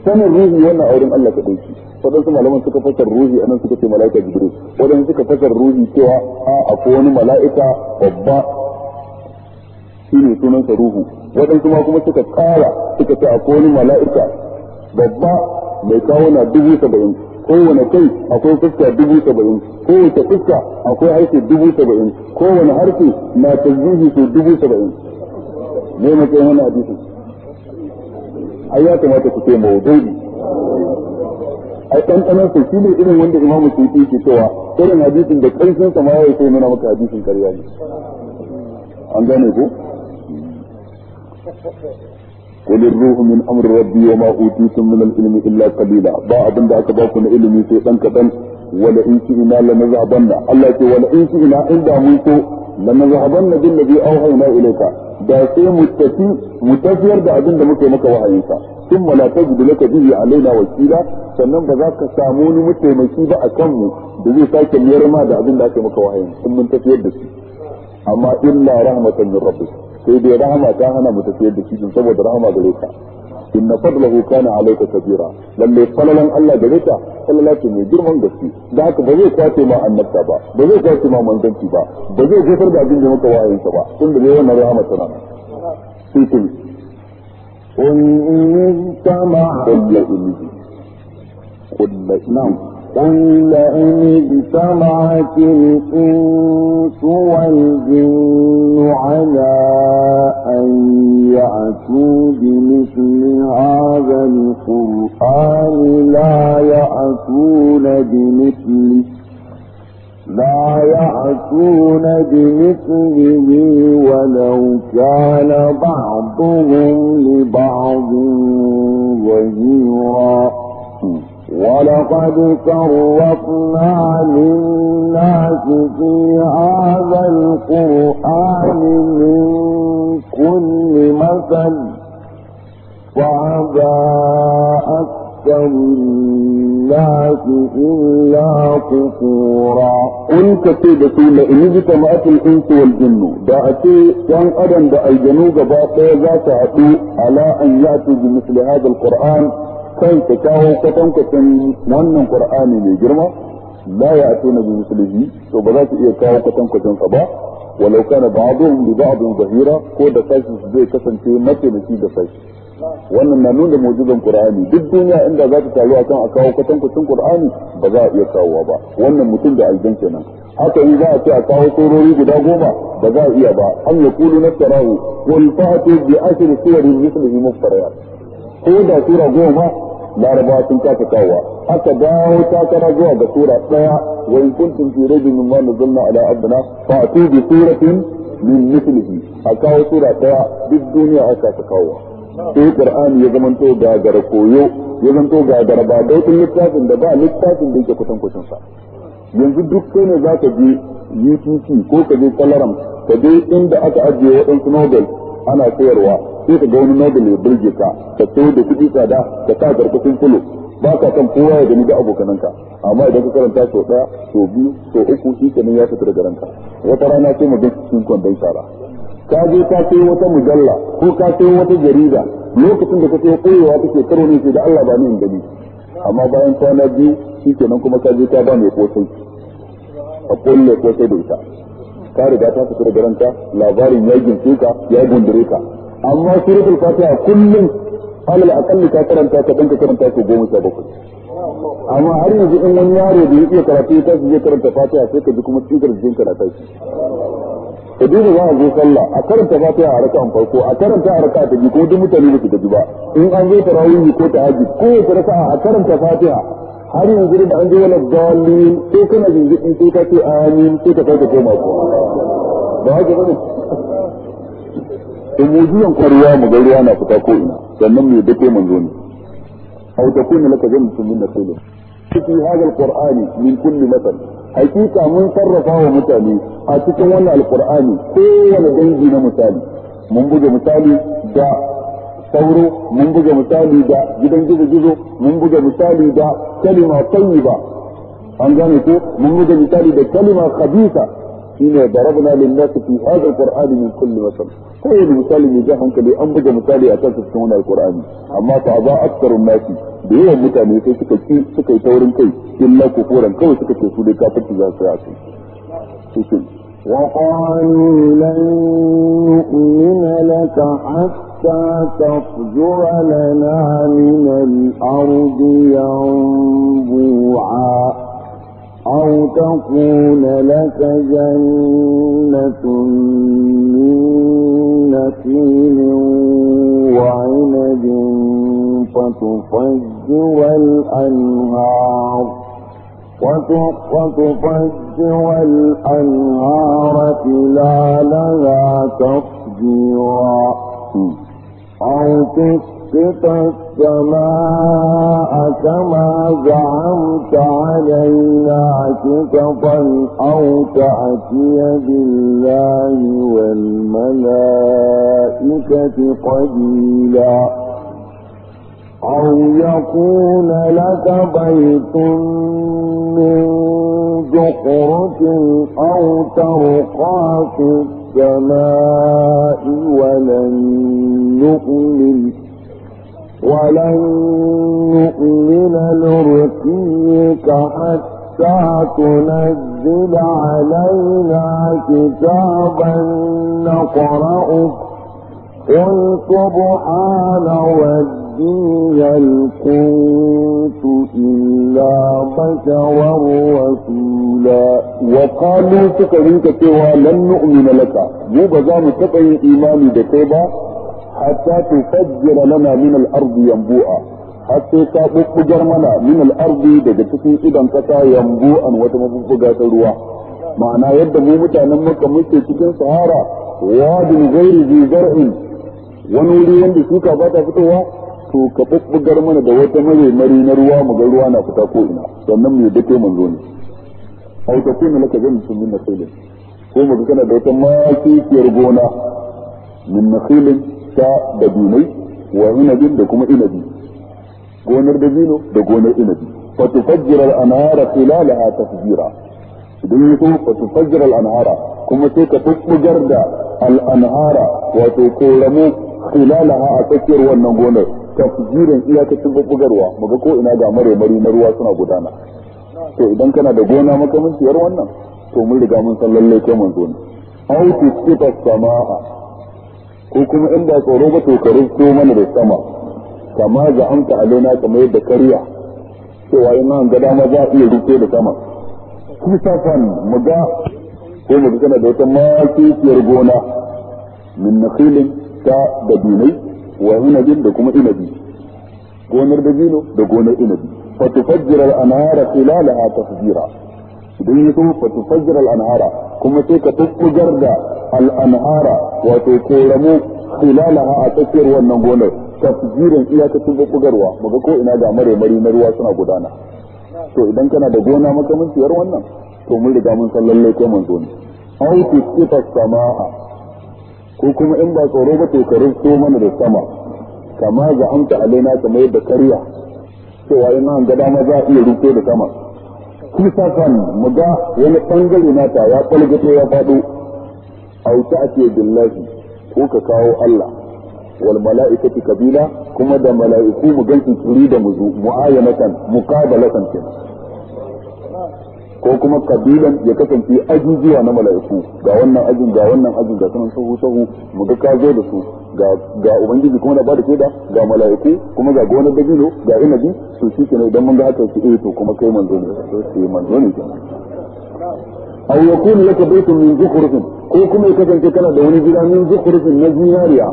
sanin ruhi wannan wurin Allah shi waɗansu malaman suka fasar ruhi anan suka ce mala'ika jibril waɗansu suka fasar ruhi cewa a akwai wani mala'ika babba shi ne sunansa ruhu waɗansu ma kuma suka kara suka ce akwai wani mala'ika babba mai kawo na dubu saba'in kowane kai akwai fuska dubu saba'in kowace fuska akwai harshe dubu saba'in kowane harshe na tazuhi su dubu saba'in ne matsayin wani hadisi ai ya kamata ku ce maudubi a dan kanan shi ne irin wanda imamu sufi ke cewa irin hadisin da karshen sa ma ya sai nuna maka hadisin ƙarya ne an gane ko قل الروح من امر ربي وما اوتيتم من العلم الا قليلا با ابن da aka ba ku na ilimi sai dan kadan wala in shi'na lanazhabanna Allah ce wala in shi'na inda mun so lanazhabanna bil ladhi awhayna ilayka da sai mu tafi tafiyar da abin da maka wahayi ka ثم لا تجد لك به علينا وكيلا sannan ba za ka samu wani mataimaki ba a kanmu da zai sake miyar ma da abin da aka maka wahayin in mun tafiyar da shi amma illa rahmatan min rabbik sai dai rahama ta hana mu tafiyar da shi din saboda rahama gare ka inna fadlahu kana alayka kabira lalle falalan Allah gare ka sallallahu mai girman gaske da haka ba zai kwace ma annabta ba ba zai kwace ma manzanci ba ba zai jefar da abin da maka wahayin ba da zai wannan rahama tana sai قل إن اجتمعت قل نعم قل إن اجتمعت الإنس والجن على أن يأتوا بمثل هذا القرآن لا يأتون بمثله لا يأتون بمثله ولو كان بعضهم لبعض ظهيرا ولقد كرفنا للناس في هذا القرآن من كل مثل وعباء أكثر الناس إلا كفورا قل كتيدة لإن اجتمعت الإنس والجن دا أتي وان أدم دا الجنو باقي ذات أتي على أن يأتي بمثل هذا القرآن كي تكاهو كتن كتن وان القرآن لجرمه لا يأتون بمثله وبذات إيه كاهو كتن كتن صباح ولو كان بعضهم لبعض ظهيرا كود فاشل زي كتن كي متى نسيب فاشل wannan na nuna mu'jizan qur'ani duk duniya inda za ta taru akan a kawo kwatankwacin qur'ani ba za a iya kawowa ba wannan mutum da aljan kenan haka in za a ce a kawo surori guda goma ba za a iya ba an ya kulu na tarahu wal fa'atu bi ashr suwarin mislihi muftariyat ko da sura goma laraba sun kasa kawowa haka dawo takara zuwa ga sura daya wa in kuntum fi raybin mimma nazzalna ala abdina fa'atu bi suratin min mislihi a kawo sura daya duk duniya aka ta kawowa sai eh, qur'ani ya zamanto gara koyo ya ga gara ba daukin littafin da ba littafin da yake kusan kusan sa yanzu duk kai ne zaka je UTC ko ka je Kalaram ka je inda aka ajiye waɗansu Nobel ana sayarwa sai ka ga wani Nobel ya burge ka ka sayo da kuɗi tsada ka sa garkatun kulo ba ka kan kowa ya gani da abokananka amma idan ka karanta sau ɗaya sau biyu sau uku shi kenan ya fita daga ranka wata rana sai mu ga cikin kwandon shara ka je ka sai wata mujalla ko ka sai wata jarida lokacin da ka sai koyewa take karo ne sai da Allah ba ni in gani amma bayan kwana biyu shikenan kuma ka je ka ba mai kosai a kulle kosai da ita ka riga ta fito da ranka labarin ya gince ka ya gundure ka amma suratul fatiha kullum alal aqalli ka karanta ka danka karanta ko goma sha bakwai amma har yanzu in wani yaro da ya iya karatu ya tashi zai karanta fatiha sai ka ji kuma cikar jikin karatu ka duba za a je sallah a karanta fatiha a rakan farko a karanta a raka ta ko duk mutane ba su gaji ba in an zo tarawih ko tahajji ko ya raka a karanta fatiha har yanzu da an je wala dalil ko kana jinjin sai ka ce amin ko ka kai ka koma ko ba haka bane in wujuyan kwariya mu ga ruwa na fita ko ina sannan mai dake manzo ne au takuna laka jannatun min nakhil fi hadha alqur'ani min kulli matal hakika mun sarrafa wa mutane a cikin wannan alkur'ani kowane dangi na misali mun buga misali da sauro mun buga misali da gidan gizo-gizo mun buga misali da kalima tayyiba an gane ko mun buga misali da kalima khabisa فيما ضربنا للناس في هذا القرآن من كل مثل كل مثال نجاح كلي أنبج مثال أساس السنون القرآنية، أما تعظى أكثر الناس بيه المثال يكي سكي سكي تورن كي إلا كفورا كوي سكي تسولي كافر تزا سياسي سكي وقالوا لن نؤمن لك حتى تفجر لنا من الأرض ينبوعا أو تكون لك جنة من نخيل وعند فتفجر الأنهار وتفجر الأنهار خلالها تفجيرا أو تسقط السماء كما زعمت علينا كتفا أو تأتي بالله والملائكة قبيلا أو يكون لك بيت من زخرف أو ترقى في السماء ولن نؤمن ولن نؤمن لرقيك حتى تنزل علينا كتابا نقرأه قل سبحان ربي إن الكنت إلا بشرا رسولا وقالوا سكريك سوى لن نؤمن لك مو بزام سكري إيماني بكيبا حتى تفجر لنا من الأرض ينبوءا حتى تفجر لنا من الأرض دجتكي إذا كتا ينبوءا وتمفجر تروا معنى يد مو متعنم كمسي تكين سهارا واد غير ذي زرع wani wuri wanda shuka ba ta fitowa to ka bubbugar mana da wata mare na ruwa mu ga ruwa na fita ko ina sannan mu yadda kai manzo ne ai ka kuna laka zan sun min nakhilin ko mu kana da wata makikiyar gona min nakhilin ta da dunai wa inabin da kuma inabi gonar dabino da gonar inabi fa tufajjira al-anhara khilalaha tafjira idan ya so fa tufajjira al-anhara kuma sai ka bubbugar da al-anhara wato koramu khilalaha a tsakiyar wannan gonar tafjirin iyakacin bubbugarwa muga ko ina ga maremari na ruwa suna gudana to idan kana da gona makamanciyar wannan to mun riga mun san lalle kai zuwa ai au tisqita samaa ko kuma inda tsoro ba to kare ko mana da sama kama ga anka alona kamar yadda kariya cewa in an ga dama za iya rike da sama kisafan mu ga ko mu kana da wata makikiyar gona min nakhilin ta dabinai wa inabin da kuma inabi gonar dabino da gonar inabi fa tufajjira al-anhara khilalaha tafjira idan ya kuma fa tufajjira al kuma sai ka tuffugar da al wato koramu khilalaha a tsakiyar wannan gonar tafjiran iyakacin tuffugarwa muga ko ina ga marimari na ruwa suna gudana to idan kana da gona makamanciyar wannan to mun riga mun san lallai ko mun zo ne au tisqifa samaa ko kuma in ba tsoro ba to ka rufto mana da sama kama ga amsa alaina kamar da karya cewa in an ga dama za a iya rinso da sama shi sa kan mu ga wani bangare nata ya kwalgato ya faɗo auta ake billahi ko ka kawo Allah wal mala'ikati kabila kuma da mala'iku mu gansu turi da mu zo mu'ayanatan muqabalatan kenan ko kuma kabilan ya kasance ajujuwa na mala'iku ga wannan ajin ga wannan ajin ga sunan sahu sahu mu ga ka zo da su ga ga ubangiji kuma da ba da shaida ga mala'iku kuma ga gonar dabino ga inabi su shi kenan idan mun ga haka su eh to kuma kai manzo ne to sai manzo ne kenan aw yakun laka baytun min zukhrufin ko kuma ya kasance kana da wani gida min zukhrufin na zinariya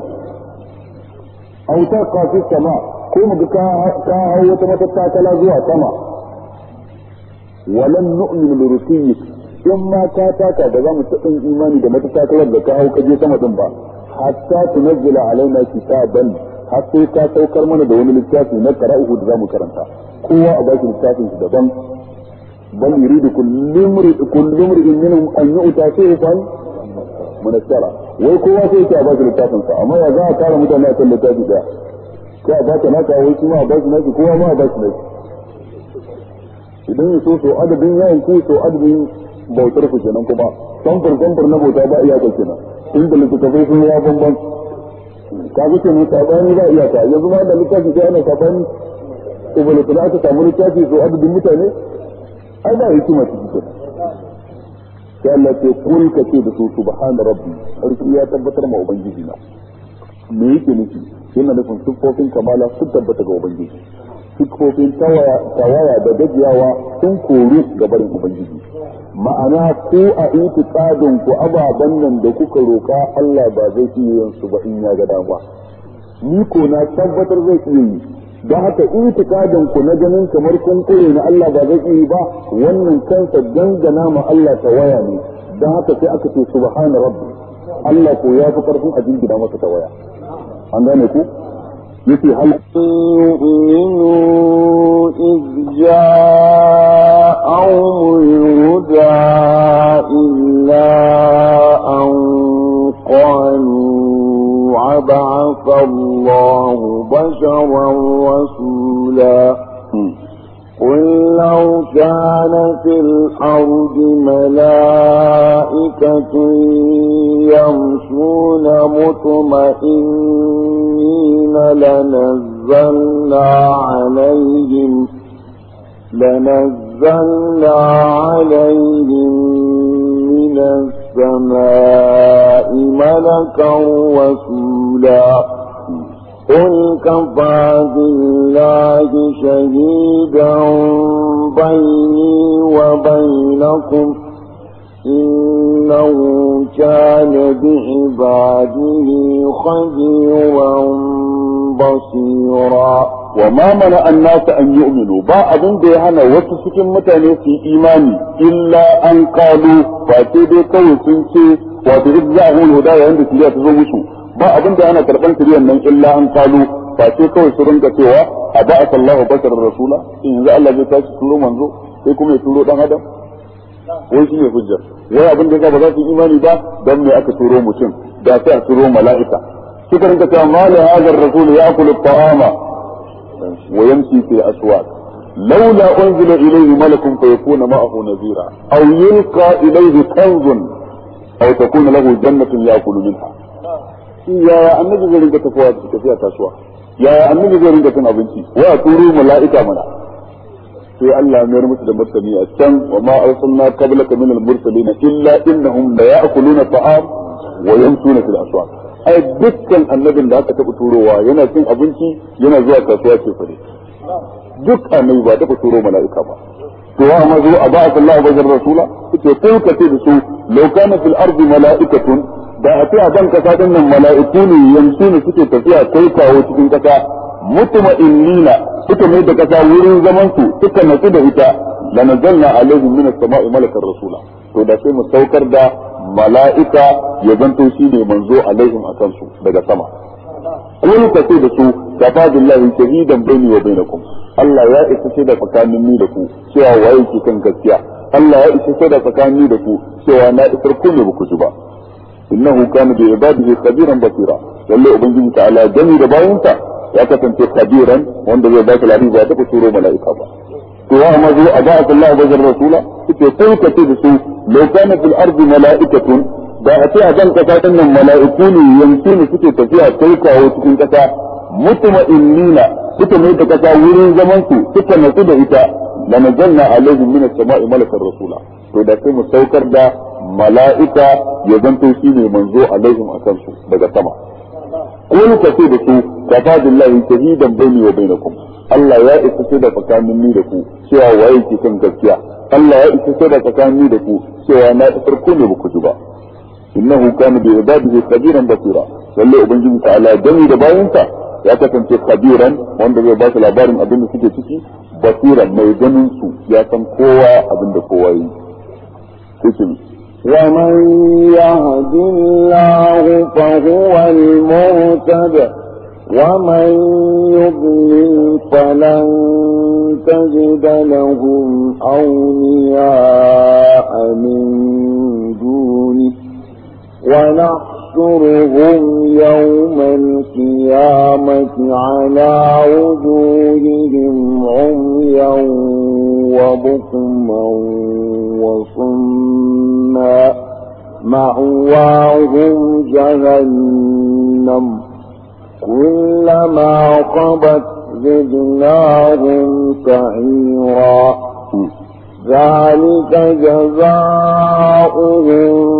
aw taqa fi sama ko mu ga ka hawo ta matattakala zuwa sama walan nu'min bi rusulih in ma ka taka da zamu ta din imani da matakalar da ka hau ka sama din ba hatta tunzila alaina kitaban har sai ka saukar mana da wani littafi na qara'u da zamu karanta kowa a baki littafin daban bal yuridu kullu mri'in kullu mri'in minhum an yu'ta sayfan munassara wai kowa sai ya baki littafin sa amma za a kare mutane a kan littafi a a ma a idan ya so so adadin yawan ku so adadin bautar ku kenan kuma samfur samfur na bauta ba iyaka kenan tun da littattafai sun ya bambam ka ga kenan sabani ba iyaka yanzu ma da littafi sai ana sabani ibn kula ta samu littafi so adadin mutane ai ba hikima ciki kenan sai Allah ce kul ka ce da su subhana rabbi sarki ya tabbatar ma ubangiji na me yake nufi yana nufin siffofin kamala sun tabbata ga ubangiji sikofin tawaya da gajiyawa sun kori ga barin ubangiji ma'ana ko a itiqadin ku ababen nan da kuka roka Allah ba zai iya yin su ba in ya ga dama ni ko na tabbatar zai iya yi don haka itiqadin ku na ganin kamar kun kure na Allah ba zai iya yi ba wannan kansa dangana ma Allah tawaya ne don haka sai aka ce subhana rabbi Allah ko ya fi karfin a gida masa tawaya an gane ku مثل هل يؤمنوا إذ جاءهم الهدى إلا أن قالوا عبعث الله بشرا رسولا قل لو كان في الأرض ملائكة يمشون مطمئنين لنزلنا عليهم لنزلنا عليهم من السماء ملكا رسولا قل كفى بالله شهيدا بيني وبينكم إنه كان بعباده خبيرا بصيرا وما منع الناس أن يؤمنوا با أبن بيهانا وتسكن متاني في إيماني إلا أن قالوا فأتي بي قوي سنسي وأتي إذ جاءهم الهداية عند سيئة تزوجوا ba abin da ana karban tiriyan nan illa an kalu ba ce kawai su rinka cewa a ba a sallahu bashar rasula in yanzu Allah zai tashi turo manzo sai kuma ya turo dan adam wai shi ne hujjar wai abin da ba za su imani ba dan me aka turo mutum da sai a turo mala'ika suka rinka cewa mala hada rasul ya at-ta'ama wa yamshi fi aswaq laula unzila ilayhi malakun fayakuna ma'ahu nadira aw yulqa ilayhi kanzun aw takuna lahu jannatun ya'kulu minha yaya annabi zai ringa tafiya tafiya kasuwa yaya annabi zai ringa cin abinci wa turu mala'ika mana sai Allah ya mayar musu da martani a can wa ma arsalna qablaka min al-mursalin illa innahum la ya'kuluna ta'am wa yamshuna fil aswaq ai dukkan annabin da aka taɓa turowa yana cin abinci yana zuwa kasuwa ce fare duk annabi ba taɓa turo mala'ika ba to wa ma zo a ba'a sallahu bajar rasula ce kulka ce da su law kana fil ardi mala'ikatun da a ce a kan kasa din nan mala'iku ne yanzu ne suke tafiya kai kawo cikin kasa mutuma innina suka mai da kasa wurin zaman su suka natsu da ita la nazalna alaihim min as-sama'i malakar rasula to da sai mu saukar da mala'ika ya zanto shi ne manzo alaihim akan su daga sama kun ka ce da su kafa shahidan baini wa bainakum Allah ya isa ce da tsakanin ni da ku cewa waye ke kan gaskiya Allah ya isa ce da tsakanin ni da ku cewa na isar ku ne ba ku ji ba innahu kana bi ibadihi khabiran basira lalle ubangiji ta ala gani da bayansa ya kasance khabiran wanda zai ba ka labari ba ta turo mala'ika ba to wa ma zai ada Allah wa jar rasula kike sai ka ce da su law kana fil ardi mala'ikatun da a a kan kasa din nan mala'iku ne yanzu suke tafiya kai kawo cikin kasa mutma'innina suka mai ta kasa wurin zaman su suka natsu da ita da nazalna alaihim min as-sama'i malakar rasula to da sai mu saukar da mala'ika ya zanto shi ne manzo alaihim a kansu daga sama ko ka ce da su ka ba billahi shahidan baini wa bainakum Allah ya isa ce da tsakanin ni da ku cewa waye ke kan gaskiya Allah ya isa ce da tsakanin ni da ku cewa na isar ko ne ku ji ba innahu kana bi ibadihi khabiran basira lalle ubangiji ta ala gani da bayansa ya kasance khabiran wanda zai ba su labarin abin da suke ciki basira mai ganin su ya san kowa abin da kowa yi sai ومن يهد الله فهو المهتد ومن يضلل فلن تجد لهم أولياء من دونه ونحشرهم يوم القيامة على وجوههم عميا وبكما وصما الحسنى مأواهم جهنم كلما قبت زدناهم سعيرا ذلك جزاؤهم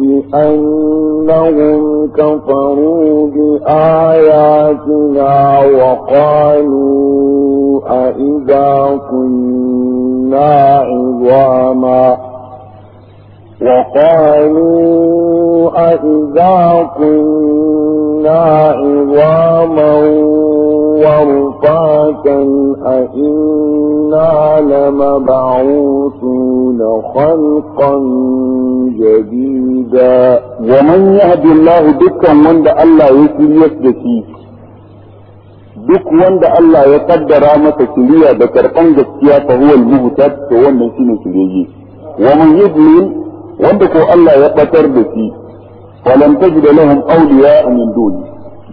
بأنهم كفروا بآياتنا وقالوا أئذا كنا عظاما وقالوا أإذا كنا عظاما ورفاتا أإنا لمبعوثون خلقا جديدا ومن يهدي الله دكا وند الله يسير يسدكي duk wanda Allah ya kaddara masa kiliya da karban gaskiya fa huwa al-muhtad to wannan shine kireye wa man yudlil wanda ko Allah ya batar da shi walam tajid lahum awliya min duni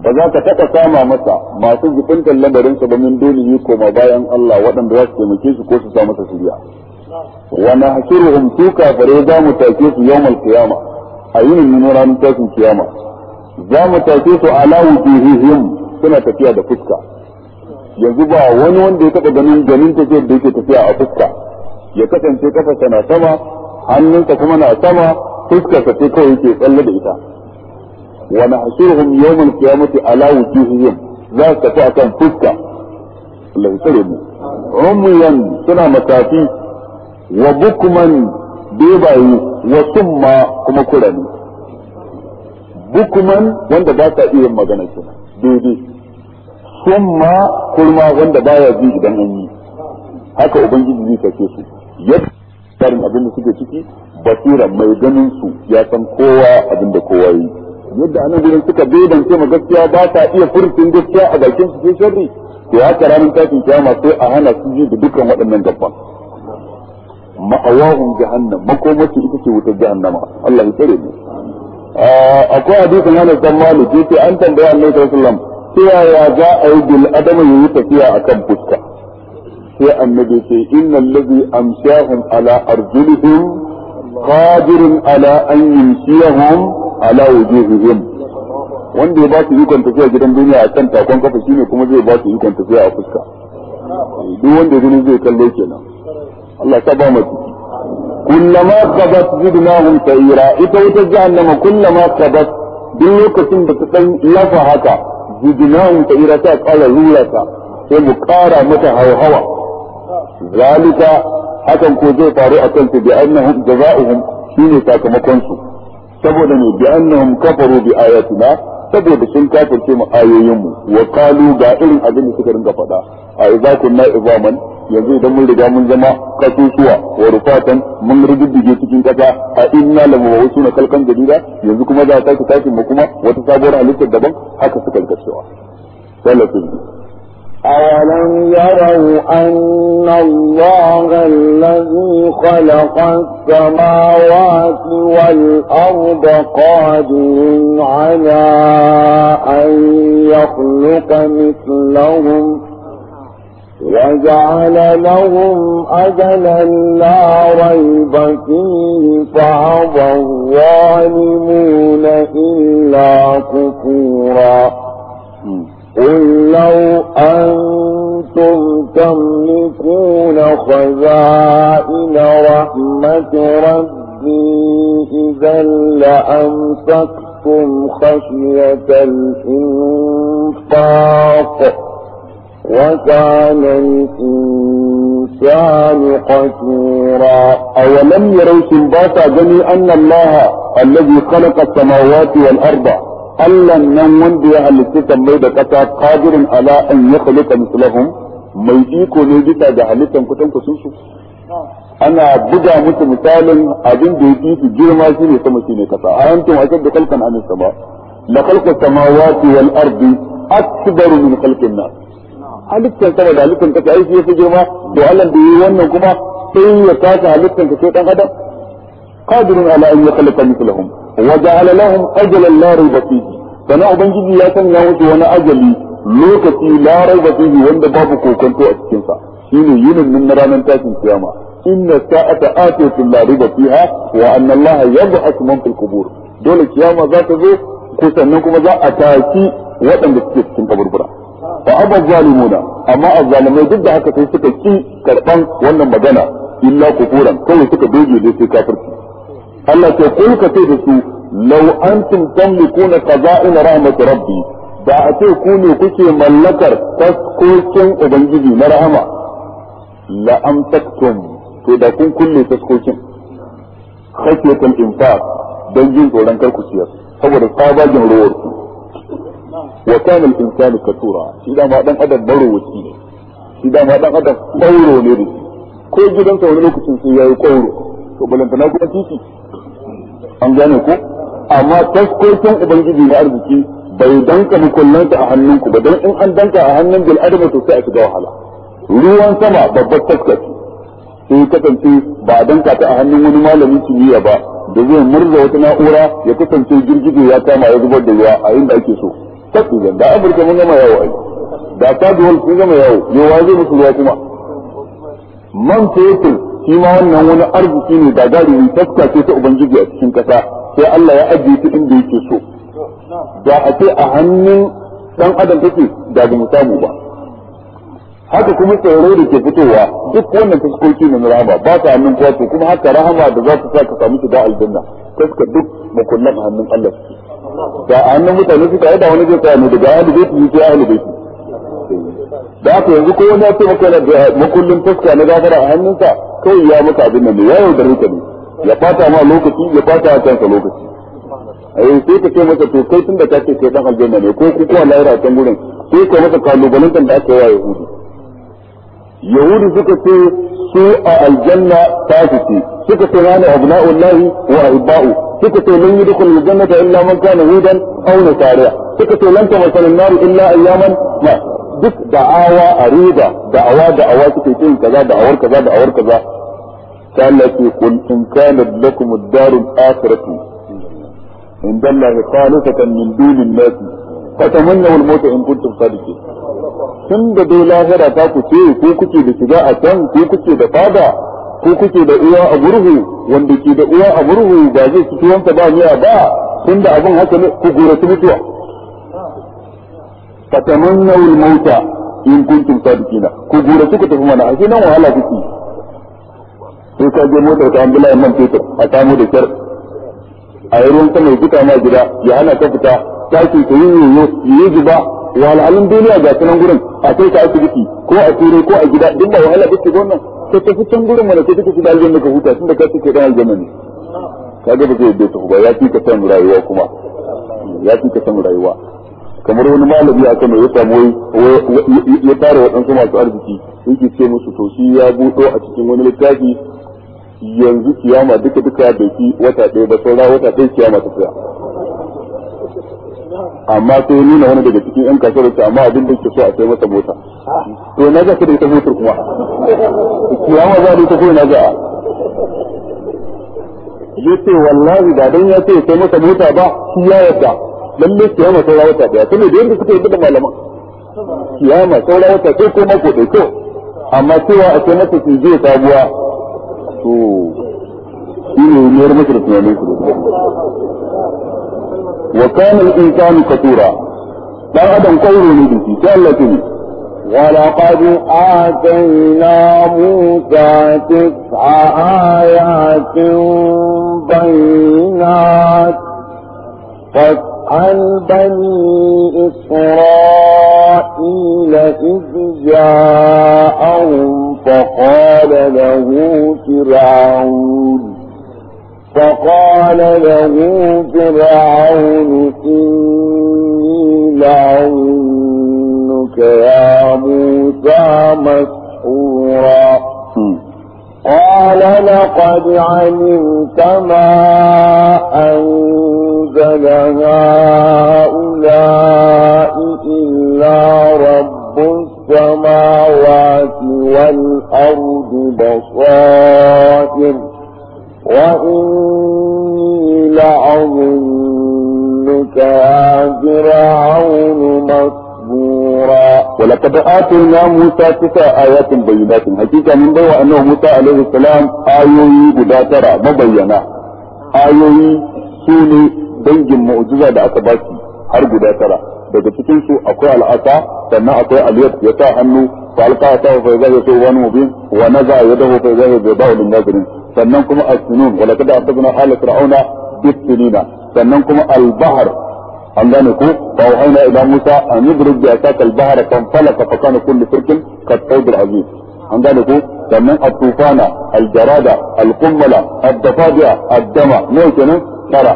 ba za ka taka sama masa masu jibintar lamarin sa ba min duni koma bayan Allah waɗanda za su taimake su ko su sa masa shirya wa nahsuruhum su kafare za mu take su yawmal qiyama a min ranar tashin kiyama za mu take su ala wujuhihim suna tafiya da fuska yanzu ba wani wanda ya taɓa ganin ganin tafiyar da yake tafiya a fuska ya kasance kafa tana sama hannunka kuma na sama fuskarsa ce kawai yake tsalle da ita wa nahsuruhum yawmal qiyamati ala wujuhihim za su tafi akan fuska Allah ya mu umyan suna matafi wa bukman bebayi wa summa kuma kurani bukman wanda ba ta iya magana kenan daidai summa kurma wanda baya ji idan an yi haka ubangiji zai kace su yadda tsarin abin da suke ciki basira mai ganin su ya san kowa abin da kowa yi yadda anan gurin suka bebance ma gaskiya ba ta iya furtin gaskiya a bakin su sai sharri to haka ranar kiyama sai a hana su ji da dukkan waɗannan gaban ma'awahum jahannam makomaci ita ce wutar jahannama Allah ya tsare mu akwai hadisin Anas dan Malik yace an tambaya Annabi sallallahu alaihi wasallam cewa ya za a yi bil adama yayi tafiya akan fuska sai annabi ce innal ladhi ala arjulihim qadirun ala an ala wujuhihim wanda ya ba su ikon tafiya gidan duniya a kan takon kafa shine kuma zai ba su ikon tafiya a fuska duk wanda zai kenan Allah ta ba mu kullama zidnahum ita wata jahannama kullama qabat duk lokacin da ta dan lafa haka zidnahum sayra ta kala rura ta sai mu kara mata hauhawa zalika hakan ko zai faru a kansu bi annahum jaza'uhum shine sakamakon su saboda ne bi annahum kafaru bi ayatina saboda sun kafirce mu ayoyin mu wa qalu ga irin abin da suka ringa faɗa a idza na izaman yanzu idan mun riga mun zama kasusuwa wa rufatan mun rubuddige cikin kasa a inna lamu wa usuna kalkan jadida yanzu kuma za ta tashi mu kuma wata sabuwar halittar daban haka suka rinka cewa sallallahu أولم يروا أن الله الذي خلق السماوات والأرض قادر على أن يخلق مثلهم وجعل لهم أجلا لا ريب فيه فأبى الظالمون إلا كفورا قل لو أنتم تملكون خزائن رحمة ربي إذا لأمسكتم خشية الإنفاق وكان الإنسان قسورا أولم يروا سنباتا جميعا أن الله الذي خلق السماوات والأرض Allah nan wanda ya halitta sammai da ƙasa kadirin ala an yakhluqa mislahum mai iko ne bisa ga halittan kutan kusun su ana buga musu misalin abin da yake su girma shine sama shine kasa a antum ashaddu khalqan an sama la khalqu samawati wal ardi akbaru min khalqin nas halittan sama da halittan kasa ai shi yafi girma to Allah da yi wannan kuma sai ya kasa halittan ka sai dan adam قادر على أن يخلق مثلهم وجعل لهم أجلا لا ريب فيه فنا أبنجي يا سن يوم وانا أجلي لوكتي لا ريب فيه وند بابكو كنت أتكنسا شيني ينم من نرانا تاسم قيامة إن الساعة آتية لا ريب فيها وأن الله يبعث من في القبور دول قيامة ذات ذو كسنكم ذا أتاكي وأن تكتب كنت fa aba zalimuna amma azzalimai duk da haka sai suka ki karban wannan magana illa kufuran kawai suka doge dai sai kafirci Allah ce kun ka ce da su law antum tamlikuna ina rahmat rabbi da a ce ku ne kuke mallakar taskokin ubangiji na rahama la taktum to da kun kunne taskokin khashyatul infaq don jin tsoron kar ku ciyar saboda sabajin ruwar ku wa kana al-insanu katura shi da ma dan adam wuci ne shi da ma dan adam kauro ne da shi ko wani lokacin sai yayi kauro to balantana kuma titi an gane ko amma taskokin ubangiji na arziki bai danka mukullanta a hannunku ba don in an danka a hannun bil adama to sai a shiga wahala ruwan sama babbar taskaci sai kasance ba a danka ta a hannun wani malamin kimiyya ba da zai murza wata na'ura ya kasance girgije ya kama ya zubar da ruwa a inda ake so taskijan da amurka mun gama yawo ai da saduwar sun gama yawo yawa zai musu ruwa kuma man fetur shi ma wannan wani arziki ne da gari ne taska ce ta ubangiji a cikin kasa sai Allah ya ajiye ta inda yake so da a ce a hannun dan adam take da ba mu ba haka kuma tsoro da ke fitowa duk wannan fuskoki ne na rahama ba ta hannun kowa to kuma haka rahama da za ta sa ka samu shiga aljanna fuskar duk makullan a hannun Allah da a hannun mutane suka yi da wani zai tsaya ne daga ahli baiti sai ahli baiti da haka yanzu ko wani ya ce maka yana da makullin fuska na gafara a hannunsa kawai ya maka abin nan ya yau da ruka ne ya fata ma lokaci ya fata a kansa lokaci ai eh, sai ka ce masa to kai tun da ka ce kai dan aljanna ne ko ku kuwa lahira can gurin sai ka masa kalubalen da aka yi yahudi. yahudi yahudu suka ce su a aljanna ta fasiki suka ce rana abna'ullahi wa ahibba'u suka ce lan yudkhul aljannata illa man kana hudan aw nasara suka ce lan tamasal an-nar illa ayyaman ma duk da'awa a riba da'awa da'awa suke yin kaza da'awar kaza da'awar kaza ta Allah ce kun in kana lakum ad-darul akhiratu inda Allah khalisatan min dunin nas fatamannaw al-maut in kuntum sadiqin tun da dai lahira ta ku ce ko kuke da shiga a can ko kuke da fada ko kuke da uwa a murhu wanda ke da uwa a murhu ba zai fito wanka ba ne ba tun da abin haka ne ku gurace mutuwa fatamannaw mota mauta in kuntum sadiqina ku gura suka tafi mana ashe nan wahala kuke sai ka je motar ka ambula man fetur a samu da kyar a yi ruwan sama ya fita ma gida ya hana ka fita taki ka yi yoyo yi zuba wahalhalun duniya ga sunan gurin a kai ka asibiti ko a turai ko a gida duk ba wahala kuke wannan ka tafi can gurin mana sai kake shiga aljanna ka huta tunda ka kake dan aljanna ne kaga ba zai yadda ya fi ka san rayuwa kuma ya fi ka san rayuwa kamar wani malami a kano ya samu ya tara waɗansu masu arziki yake ce musu to shi ya buɗo a cikin wani littafi yanzu kiyama duka duka da fi wata ɗaya ba saura wata ɗaya kiyama ta tsaya amma sai ya nuna wani daga cikin yan kasuwar ta amma abin da ke so a sai masa mota to na ga da ita motar kuma kiyama za ta ko na ga yace wallahi da dan ya ce sai masa mota ba shi ya yarda lalle kiyama saura wata daya tunda da yanda suka yi da malaman kiyama saura wata sai ko mako da kyau amma cewa a ce masa ki je sabuwa to shi ne mayar masa da tunanin su wa kana al-insanu katura dan adam kawo ne da shi sai Allah ya ولقد آتينا موسى تسع آيات بينات عن بني إسرائيل إذ جاءهم فقال له فرعون فقال له فرعون إني لعنك يا موسى مسحورا قال لقد علمت ما أنت قال هؤلاء إلا رب السماوات والأرض بصائر وإني لأظنك يا فرعون مسبورا ولقد آتينا موسى تسع آيات بينات حقيقة من بوى أنه موسى عليه السلام آيوي بداترة مبينة آيوي سوني dangin mu'jiza da aka baki har guda tara daga cikin su akwai al'asa sannan akwai aliyat ya ta hannu fa alqa ta fa yaza sai wani mubin wa naza yadahu fa yaza bi ba'dil nazirin sannan kuma as-sunun wa laqad akhadna ala fir'auna bis-sunina sannan kuma al-bahr an gane ko fa wahayna ila musa an yudrib bi asaka al-bahr kan falaka fa kana kullu firqin qad tawdil aziz an gane ko sannan at-tufana al-jarada al-qummala ad-dafadi'a ad-dama ne kenan tara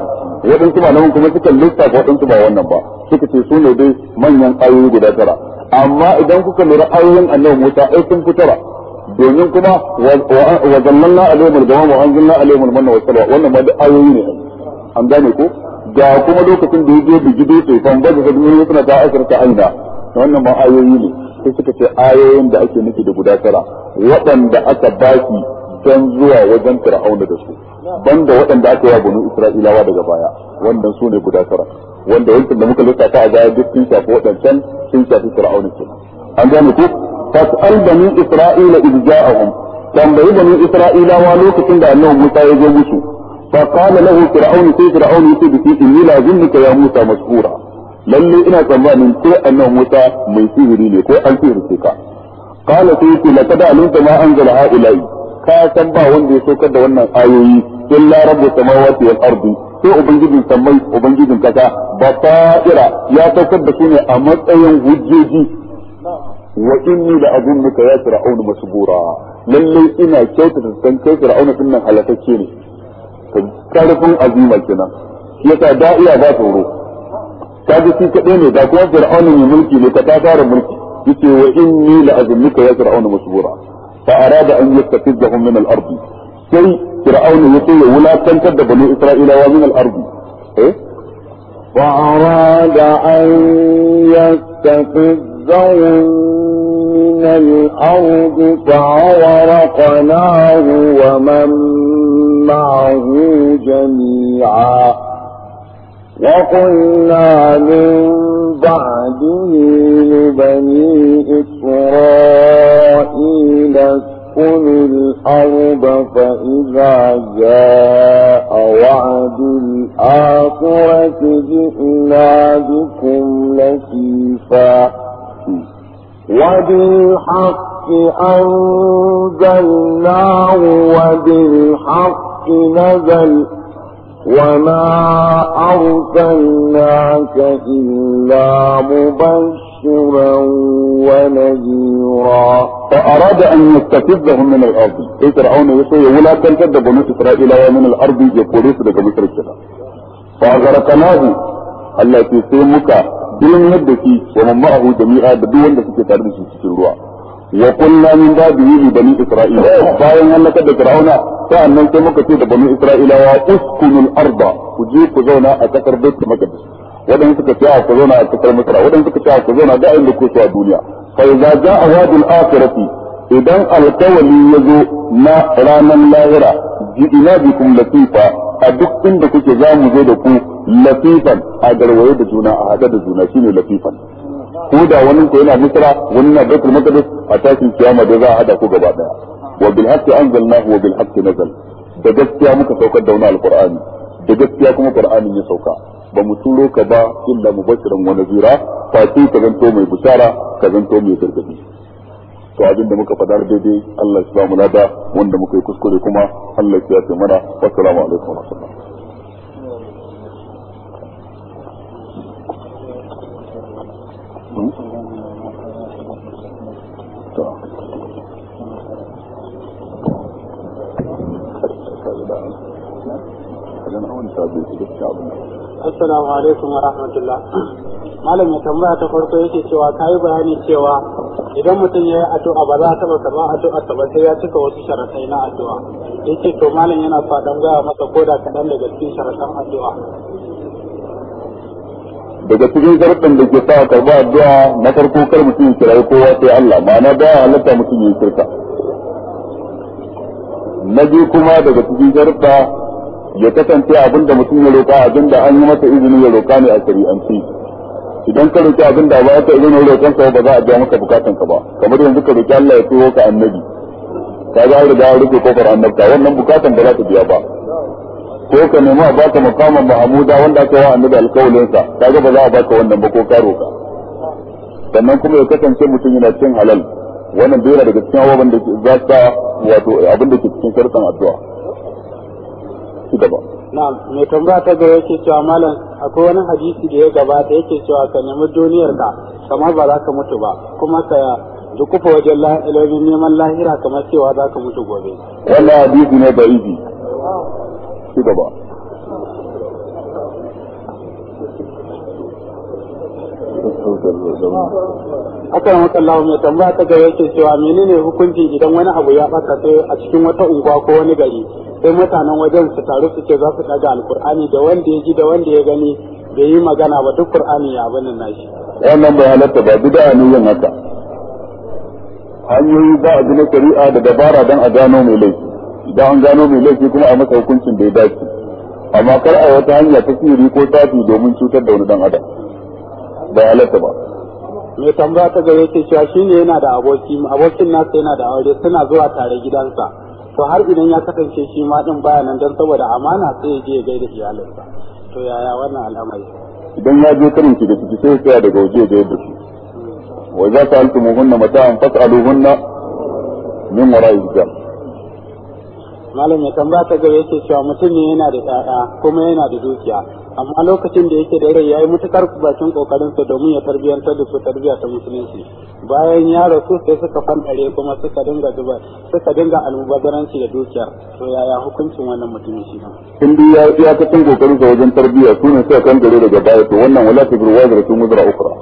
waɗansu malaman kuma suka lissafa waɗansu ba wannan ba suka ce su ne dai manyan ayoyi guda tara amma idan kuka lura ayoyin annabi Musa ai sun fi tara domin kuma wa zallalna alaihim al-ghamam wa anzalna alaihim al-manna wa salwa wannan ma duk ayoyi ne an gane ko ga kuma lokacin da yaje bigi dai sai kan da ga duniya suna ta asirta aina wannan ma ayoyi ne sai suka ce ayoyin da ake nufi da guda tara waɗanda aka baki don zuwa wajen fir'auna da su banda waɗanda aka yi banu isra'ilawa daga baya wannan su ne guda tara wanda wancan da muka lissafa a baya duk sun shafi waɗancan sun shafi fir'auna kenan an gane ku fas'al bani isra'ila idh ja'ahum tambayi bani isra'ilawa lokacin da annabi Musa ya je musu fa qala lahu fir'aun sai fir'aun yace bi inni la zinnuka ya Musa mashkura lalle ina tsammanin ko annabi Musa mai sihiri ne ko an sihirce ka qala sai yace laqad alimta ma anzala ha'ilai ka san ba wanda ya saukar da wannan ayoyi illa rabbus samawati wal ardi sai ubangijin sammai ubangijin kasa basaira ya saukar da su ne a matsayin hujjoji wa inni la azunnuka ya fir'auna masbura lalle ina kyautata san kai fir'auna din nan halakacce ne karfin azima kenan yasa da'iya ba tsoro kaji shi kaɗai ne da kuma fir'auna mai mulki ne ka ta fara mulki yace wa inni la azunnuka ya fir'auna masbura fa arada an yastafizzahum min al-ardi sai فرعون يطيع ولا تنتد بني إسرائيل ومن الأرض إيه؟ وأراد أن يستفزهم من الأرض فأورقناه ومن معه جميعا وقلنا من بعده لبني إسرائيل وكل الأرض فإذا جاء وعد الآخرة جئنا بكم لسيفا وبالحق أنزلناه وبالحق نزل وما أرسلناك إلا مبشرا ونذيرا فأراد أن يستفزهم من الأرض إيه فرعون يسوي ولا تنتد بنو إسرائيل من الأرض يقوليس لك مصر فأغرقناه الله في سيمك دون يدكي ومن معه جميعا بدون يدكي تارد في الرواء وقلنا من بابه لبني إسرائيل فأين أنك فرعون فأنا سيمك تيد بنو إسرائيل وأسكن الأرض وجيك زونا أتكر بيت مكدس wadanda suka ce a ku zauna a kasar misra wadanda suka ce a ku zauna da inda ku a duniya fa idza jaa wadul akhirati idan alkawali yazo na ranan lahira ji'ina bikum latifa a duk inda kuke zamu zo da ku latifan a garwaye da juna a haɗe da juna shine latifan ko wani ko yana misra wani na daukar maqdis a tashin kiyama da za a hada ku gaba daya wa bil haqqi anzalnahu wa nazal da gaskiya muka saukar da wani alqur'ani da gaskiya kuma qur'anin ya sauka ba mu turo ka ba illa mubashiran wa nazira fa sai ka zanto mai bushara ka zanto mai gargadi to abin da muka faɗa daidai Allah ya ba mu lada wanda muka yi kuskure kuma Allah ya ce mana assalamu alaikum wa rahmatullahi I don't assalamu alaikum wa rahmatullah malam ya tambaya ta farko yake cewa ka yi bayani cewa idan mutum ya yi addu'a ba za a taɓa karɓa addu'a ta ba sai ya cika wasu sharaɗai na addu'a yake to malam yana fadan gaya masa ko da kaɗan daga cikin sharaɗan addu'a daga cikin sharaɗin da ke sa karɓa addu'a na farko kar mutum ya kirayi kowa sai Allah ma'ana ba halatta mutum ya yi shirka na biyu kuma daga cikin sharaɗa ya kasance abin da mutum ya roƙa abin da an yi masa izini ya roƙa ne a shari'anci idan ka roƙi abin da ba ka izini roƙon ka ba za a biya maka bukatan ka ba kamar yanzu ka roƙi Allah ya turo ka annabi ka ga an riga rufe kofar annabta wannan bukatan ba za ta biya ba ko ka nemi a baka makaman mahamuda wanda aka yi annabi alƙawalin sa ka ga ba za a baka wannan ba ko ka roƙa sannan kuma ya kasance mutum yana cin halal wannan bai daga cikin abubuwan da za ta wato abin da ke cikin sharɗin addu'a ci gaba na'am me tambaya ta gaba yake cewa malam akwai wani hadisi da ya gabata yake cewa ka nemi duniyar ka kamar ba za ka mutu ba kuma ka dukufa wajen ilimin neman lahira kamar cewa za ka mutu gobe wannan hadisi ne da ibi ci gaba akan haka Allah mai tambaya ta gaba yake cewa menene hukunci idan wani abu ya baka sai a cikin wata unguwa ko wani gari sai mutanen wajen su taru su ce za su daga alkur'ani da wanda ya ji da wanda ya gani bai yi magana ba duk qur'ani ya abin nan shi wannan bai halatta ba da ni yin haka hanyoyi ba a na shari'a da dabara don a gano mai laifi idan an gano mai laifi kuma a masa hukuncin da ya dace amma kar a wata hanya ta sihiri ko tafi domin cutar da wani dan adam halatta ba mai tambaya ta gare ce cewa shine yana da aboki abokin nasa yana da aure suna zuwa tare gidansa to har idan ya kasance shi ma din baya nan dan saboda amana sai ya je ya gaida iyalinsa to yaya wannan al'amari idan ya je karin ki da ciki sai ya daga waje ya gaida su wai za ta altumu hunna mata'an fas'aluhunna min wara'i hijab malam ya tambaya ta gaba yake cewa mutum ne yana da ƴaƴa kuma yana da dukiya amma lokacin da yake da rai yayi mutukar bakin kokarin sa domin ya tarbiyantar da su tarbiya ta musulunci bayan ya rasu sai suka fandare kuma suka dinga duba suka dinga almubazaranci da dukiya to yaya hukuncin wannan mutumin shi ne in dai ya ya ta tun kokarin sa wajen tarbiya su ne suka kan gare daga baya to wannan wala ta burwa da tun mudra ukra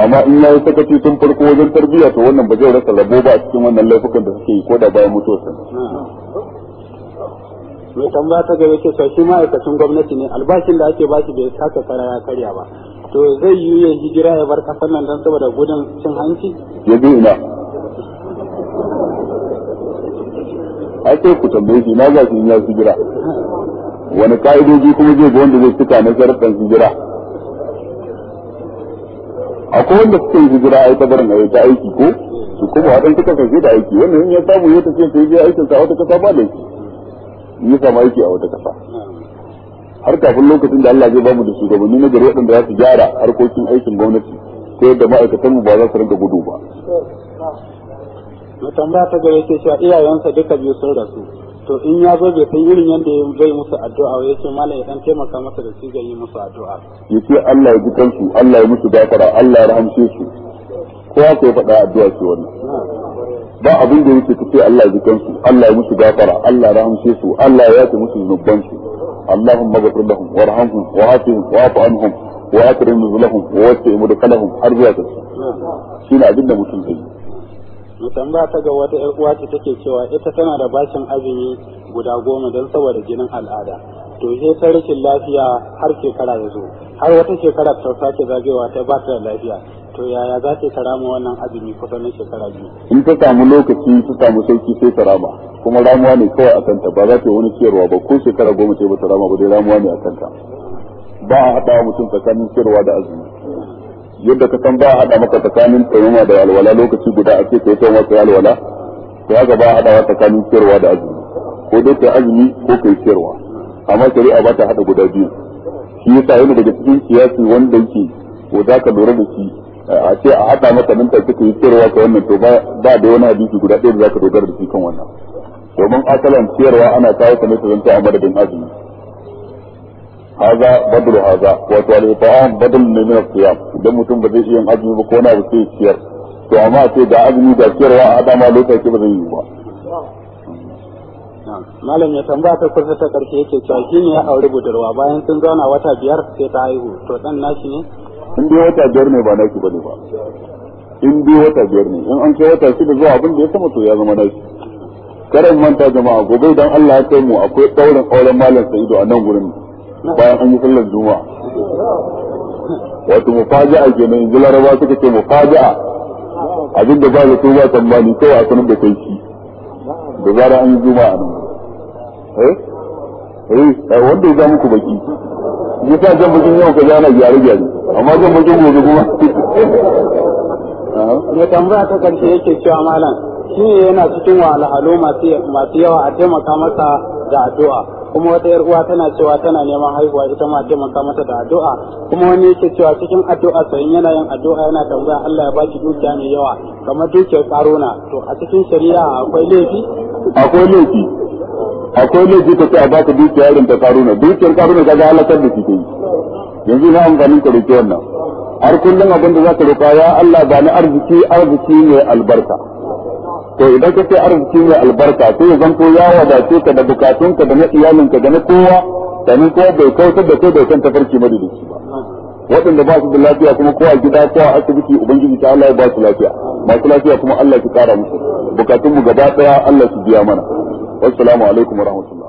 amma in yayi sakaci tun farko wajen tarbiya to wannan ba zai rasa rabo ba a cikin wannan laifukan da suke yi ko da bayan mutuwarsa mai tambaya ta gaba ce sai ma'aikacin gwamnati ne albashin da ake bashi bai taka kara karya ba to zai yi ya hijira ya bar kasar nan don saboda gudun cin hanci ya bi ina ake ku tambaye shi na ga shi ya hijira wani ka'idoji kuma zai ga wanda zai cika na sharaɗin hijira akwai wanda suka yi hijira a ta barin ai ta aiki ko su kuma waɗanda suka kasance da aiki wannan ya samu ya tafiya ta yi aikin sa wata kasa ba shi ya sama aiki a wata kasa har kafin lokacin da Allah zai mu da shugabanni na gari waɗanda za su gyara harkokin aikin gwamnati ta yadda ma'aikatan mu ba za su rinka gudu ba. Mai tambaya ta gare ke cewa iyayensa duka biyu sun rasu to in ya zo bai san irin yadda ya zai musu addu'a ya ce mala ya dan taimaka masa da shi ga yi musu addu'a. Ya ce Allah ya ji kansu Allah ya musu gafara Allah ya rahamshe su kowa ko ya faɗa addu'a ce wannan. ba abin da yake kace Allah ya jikansu Allah ya musu gafara Allah ya rahamshe su Allah ya yafe musu zunubansu اللهم اغفر لهم وارحمهم وعافهم واعف عنهم واكرم نزلهم ووسع مدخلهم har zuwa ƙarshe shine abin da mutum zai mutum ba ga wata ƴar uwa ce take cewa ita tana da bashin azumi guda goma don saboda jinin al'ada to rashin lafiya har shekara ya zo har wata shekara ta sake zagewa ta ba ta lafiya to yaya za ta mu wannan azumi kusan na shekara biyu in ta samu lokaci ta samu sauki sai ta rama kuma ramuwa ne kawai a kanta ba za ta yi wani ciyarwa ba ko shekara goma ce ba ta rama ba dai ramuwa ne a kanta ba a haɗa mutum tsakanin ciyarwa da azumi yadda ka san ba a haɗa maka tsakanin tsayuwa da alwala lokaci guda a ce ka yi tsayuwa ka alwala to haka ba a haɗawa tsakanin ciyarwa da azumi ko dai ka azumi ko ka yi ciyarwa amma shari'a ba ta haɗa guda biyu shi yasa yana daga cikin siyasi wanda yake ko za ka lura da shi a ce a haɗa maka nan take kai ciyarwa ka wannan to ba da wani hadisi guda ɗaya da za ka dogara da shi kan wannan domin asalan ciyarwa ana kawo ta ne ta zanta a madadin azumi haza badru haza wato al-ifa'an badal ne min al-qiyam idan mutum ba zai iya azumi ba ko na ba sai ciyar to amma sai ga azumi da ciyarwa a haɗa ma lokaci ba zai yi ba malam ya tambaya ta kursa ta karshe yake cewa shi ne ya auri budurwa bayan sun zauna wata biyar sai ta haihu to dan nashi ne in dai wata biyar ne ba naki bane ba in dai wata biyar ne in an kai wata shida zuwa abin da ya sama to ya zama naki karan manta jama'a gobe dan Allah ya kai mu akwai daurin auren malam Sa'idu a nan gurin bayan an yi sallar juma'a wato ke kenan in ji laraba suka ce mufaji'a abin da ba zato ba tambani kawai a sanar da kai shi da zara an yi juma'a nan eh eh wanda ya muku baki ya sa jan bakin yau ka jana gyare gyare amma jan bakin gobe kuma ne tambaya ta karshe yake cewa malam shi ne yana cikin wahalhalu masu yawa a taimaka masa da addu'a kuma wata yar uwa tana cewa tana neman haihuwa ita ma taimaka mata da addu'a kuma wani yake cewa cikin addu'a sayin yana yin addu'a yana tambaya Allah ya baki dukiya mai yawa kamar dukiyar karuna to a cikin shari'a akwai laifi akwai laifi akwai ji ka ce a ka dukiya irin ta karuna dukiyar karuna ka ga halakar da kike yanzu na amfanin ka dukiyar nan har kullum abin da ka rufa ya Allah ba ni arziki arziki ne albarka to idan ka ce arziki ne albarka to ya zanto ya wadace ka da bukatunka da na iyalinka da na kowa domin kowa bai kautar da kai bai san tafarki madalici ba waɗanda ba su da lafiya kuma kowa gida ko a asibiti ubangiji ta Allah ya ba su lafiya masu lafiya kuma Allah ki kara musu bukatun mu gaba daya Allah su biya mana wassalamu alaikum wa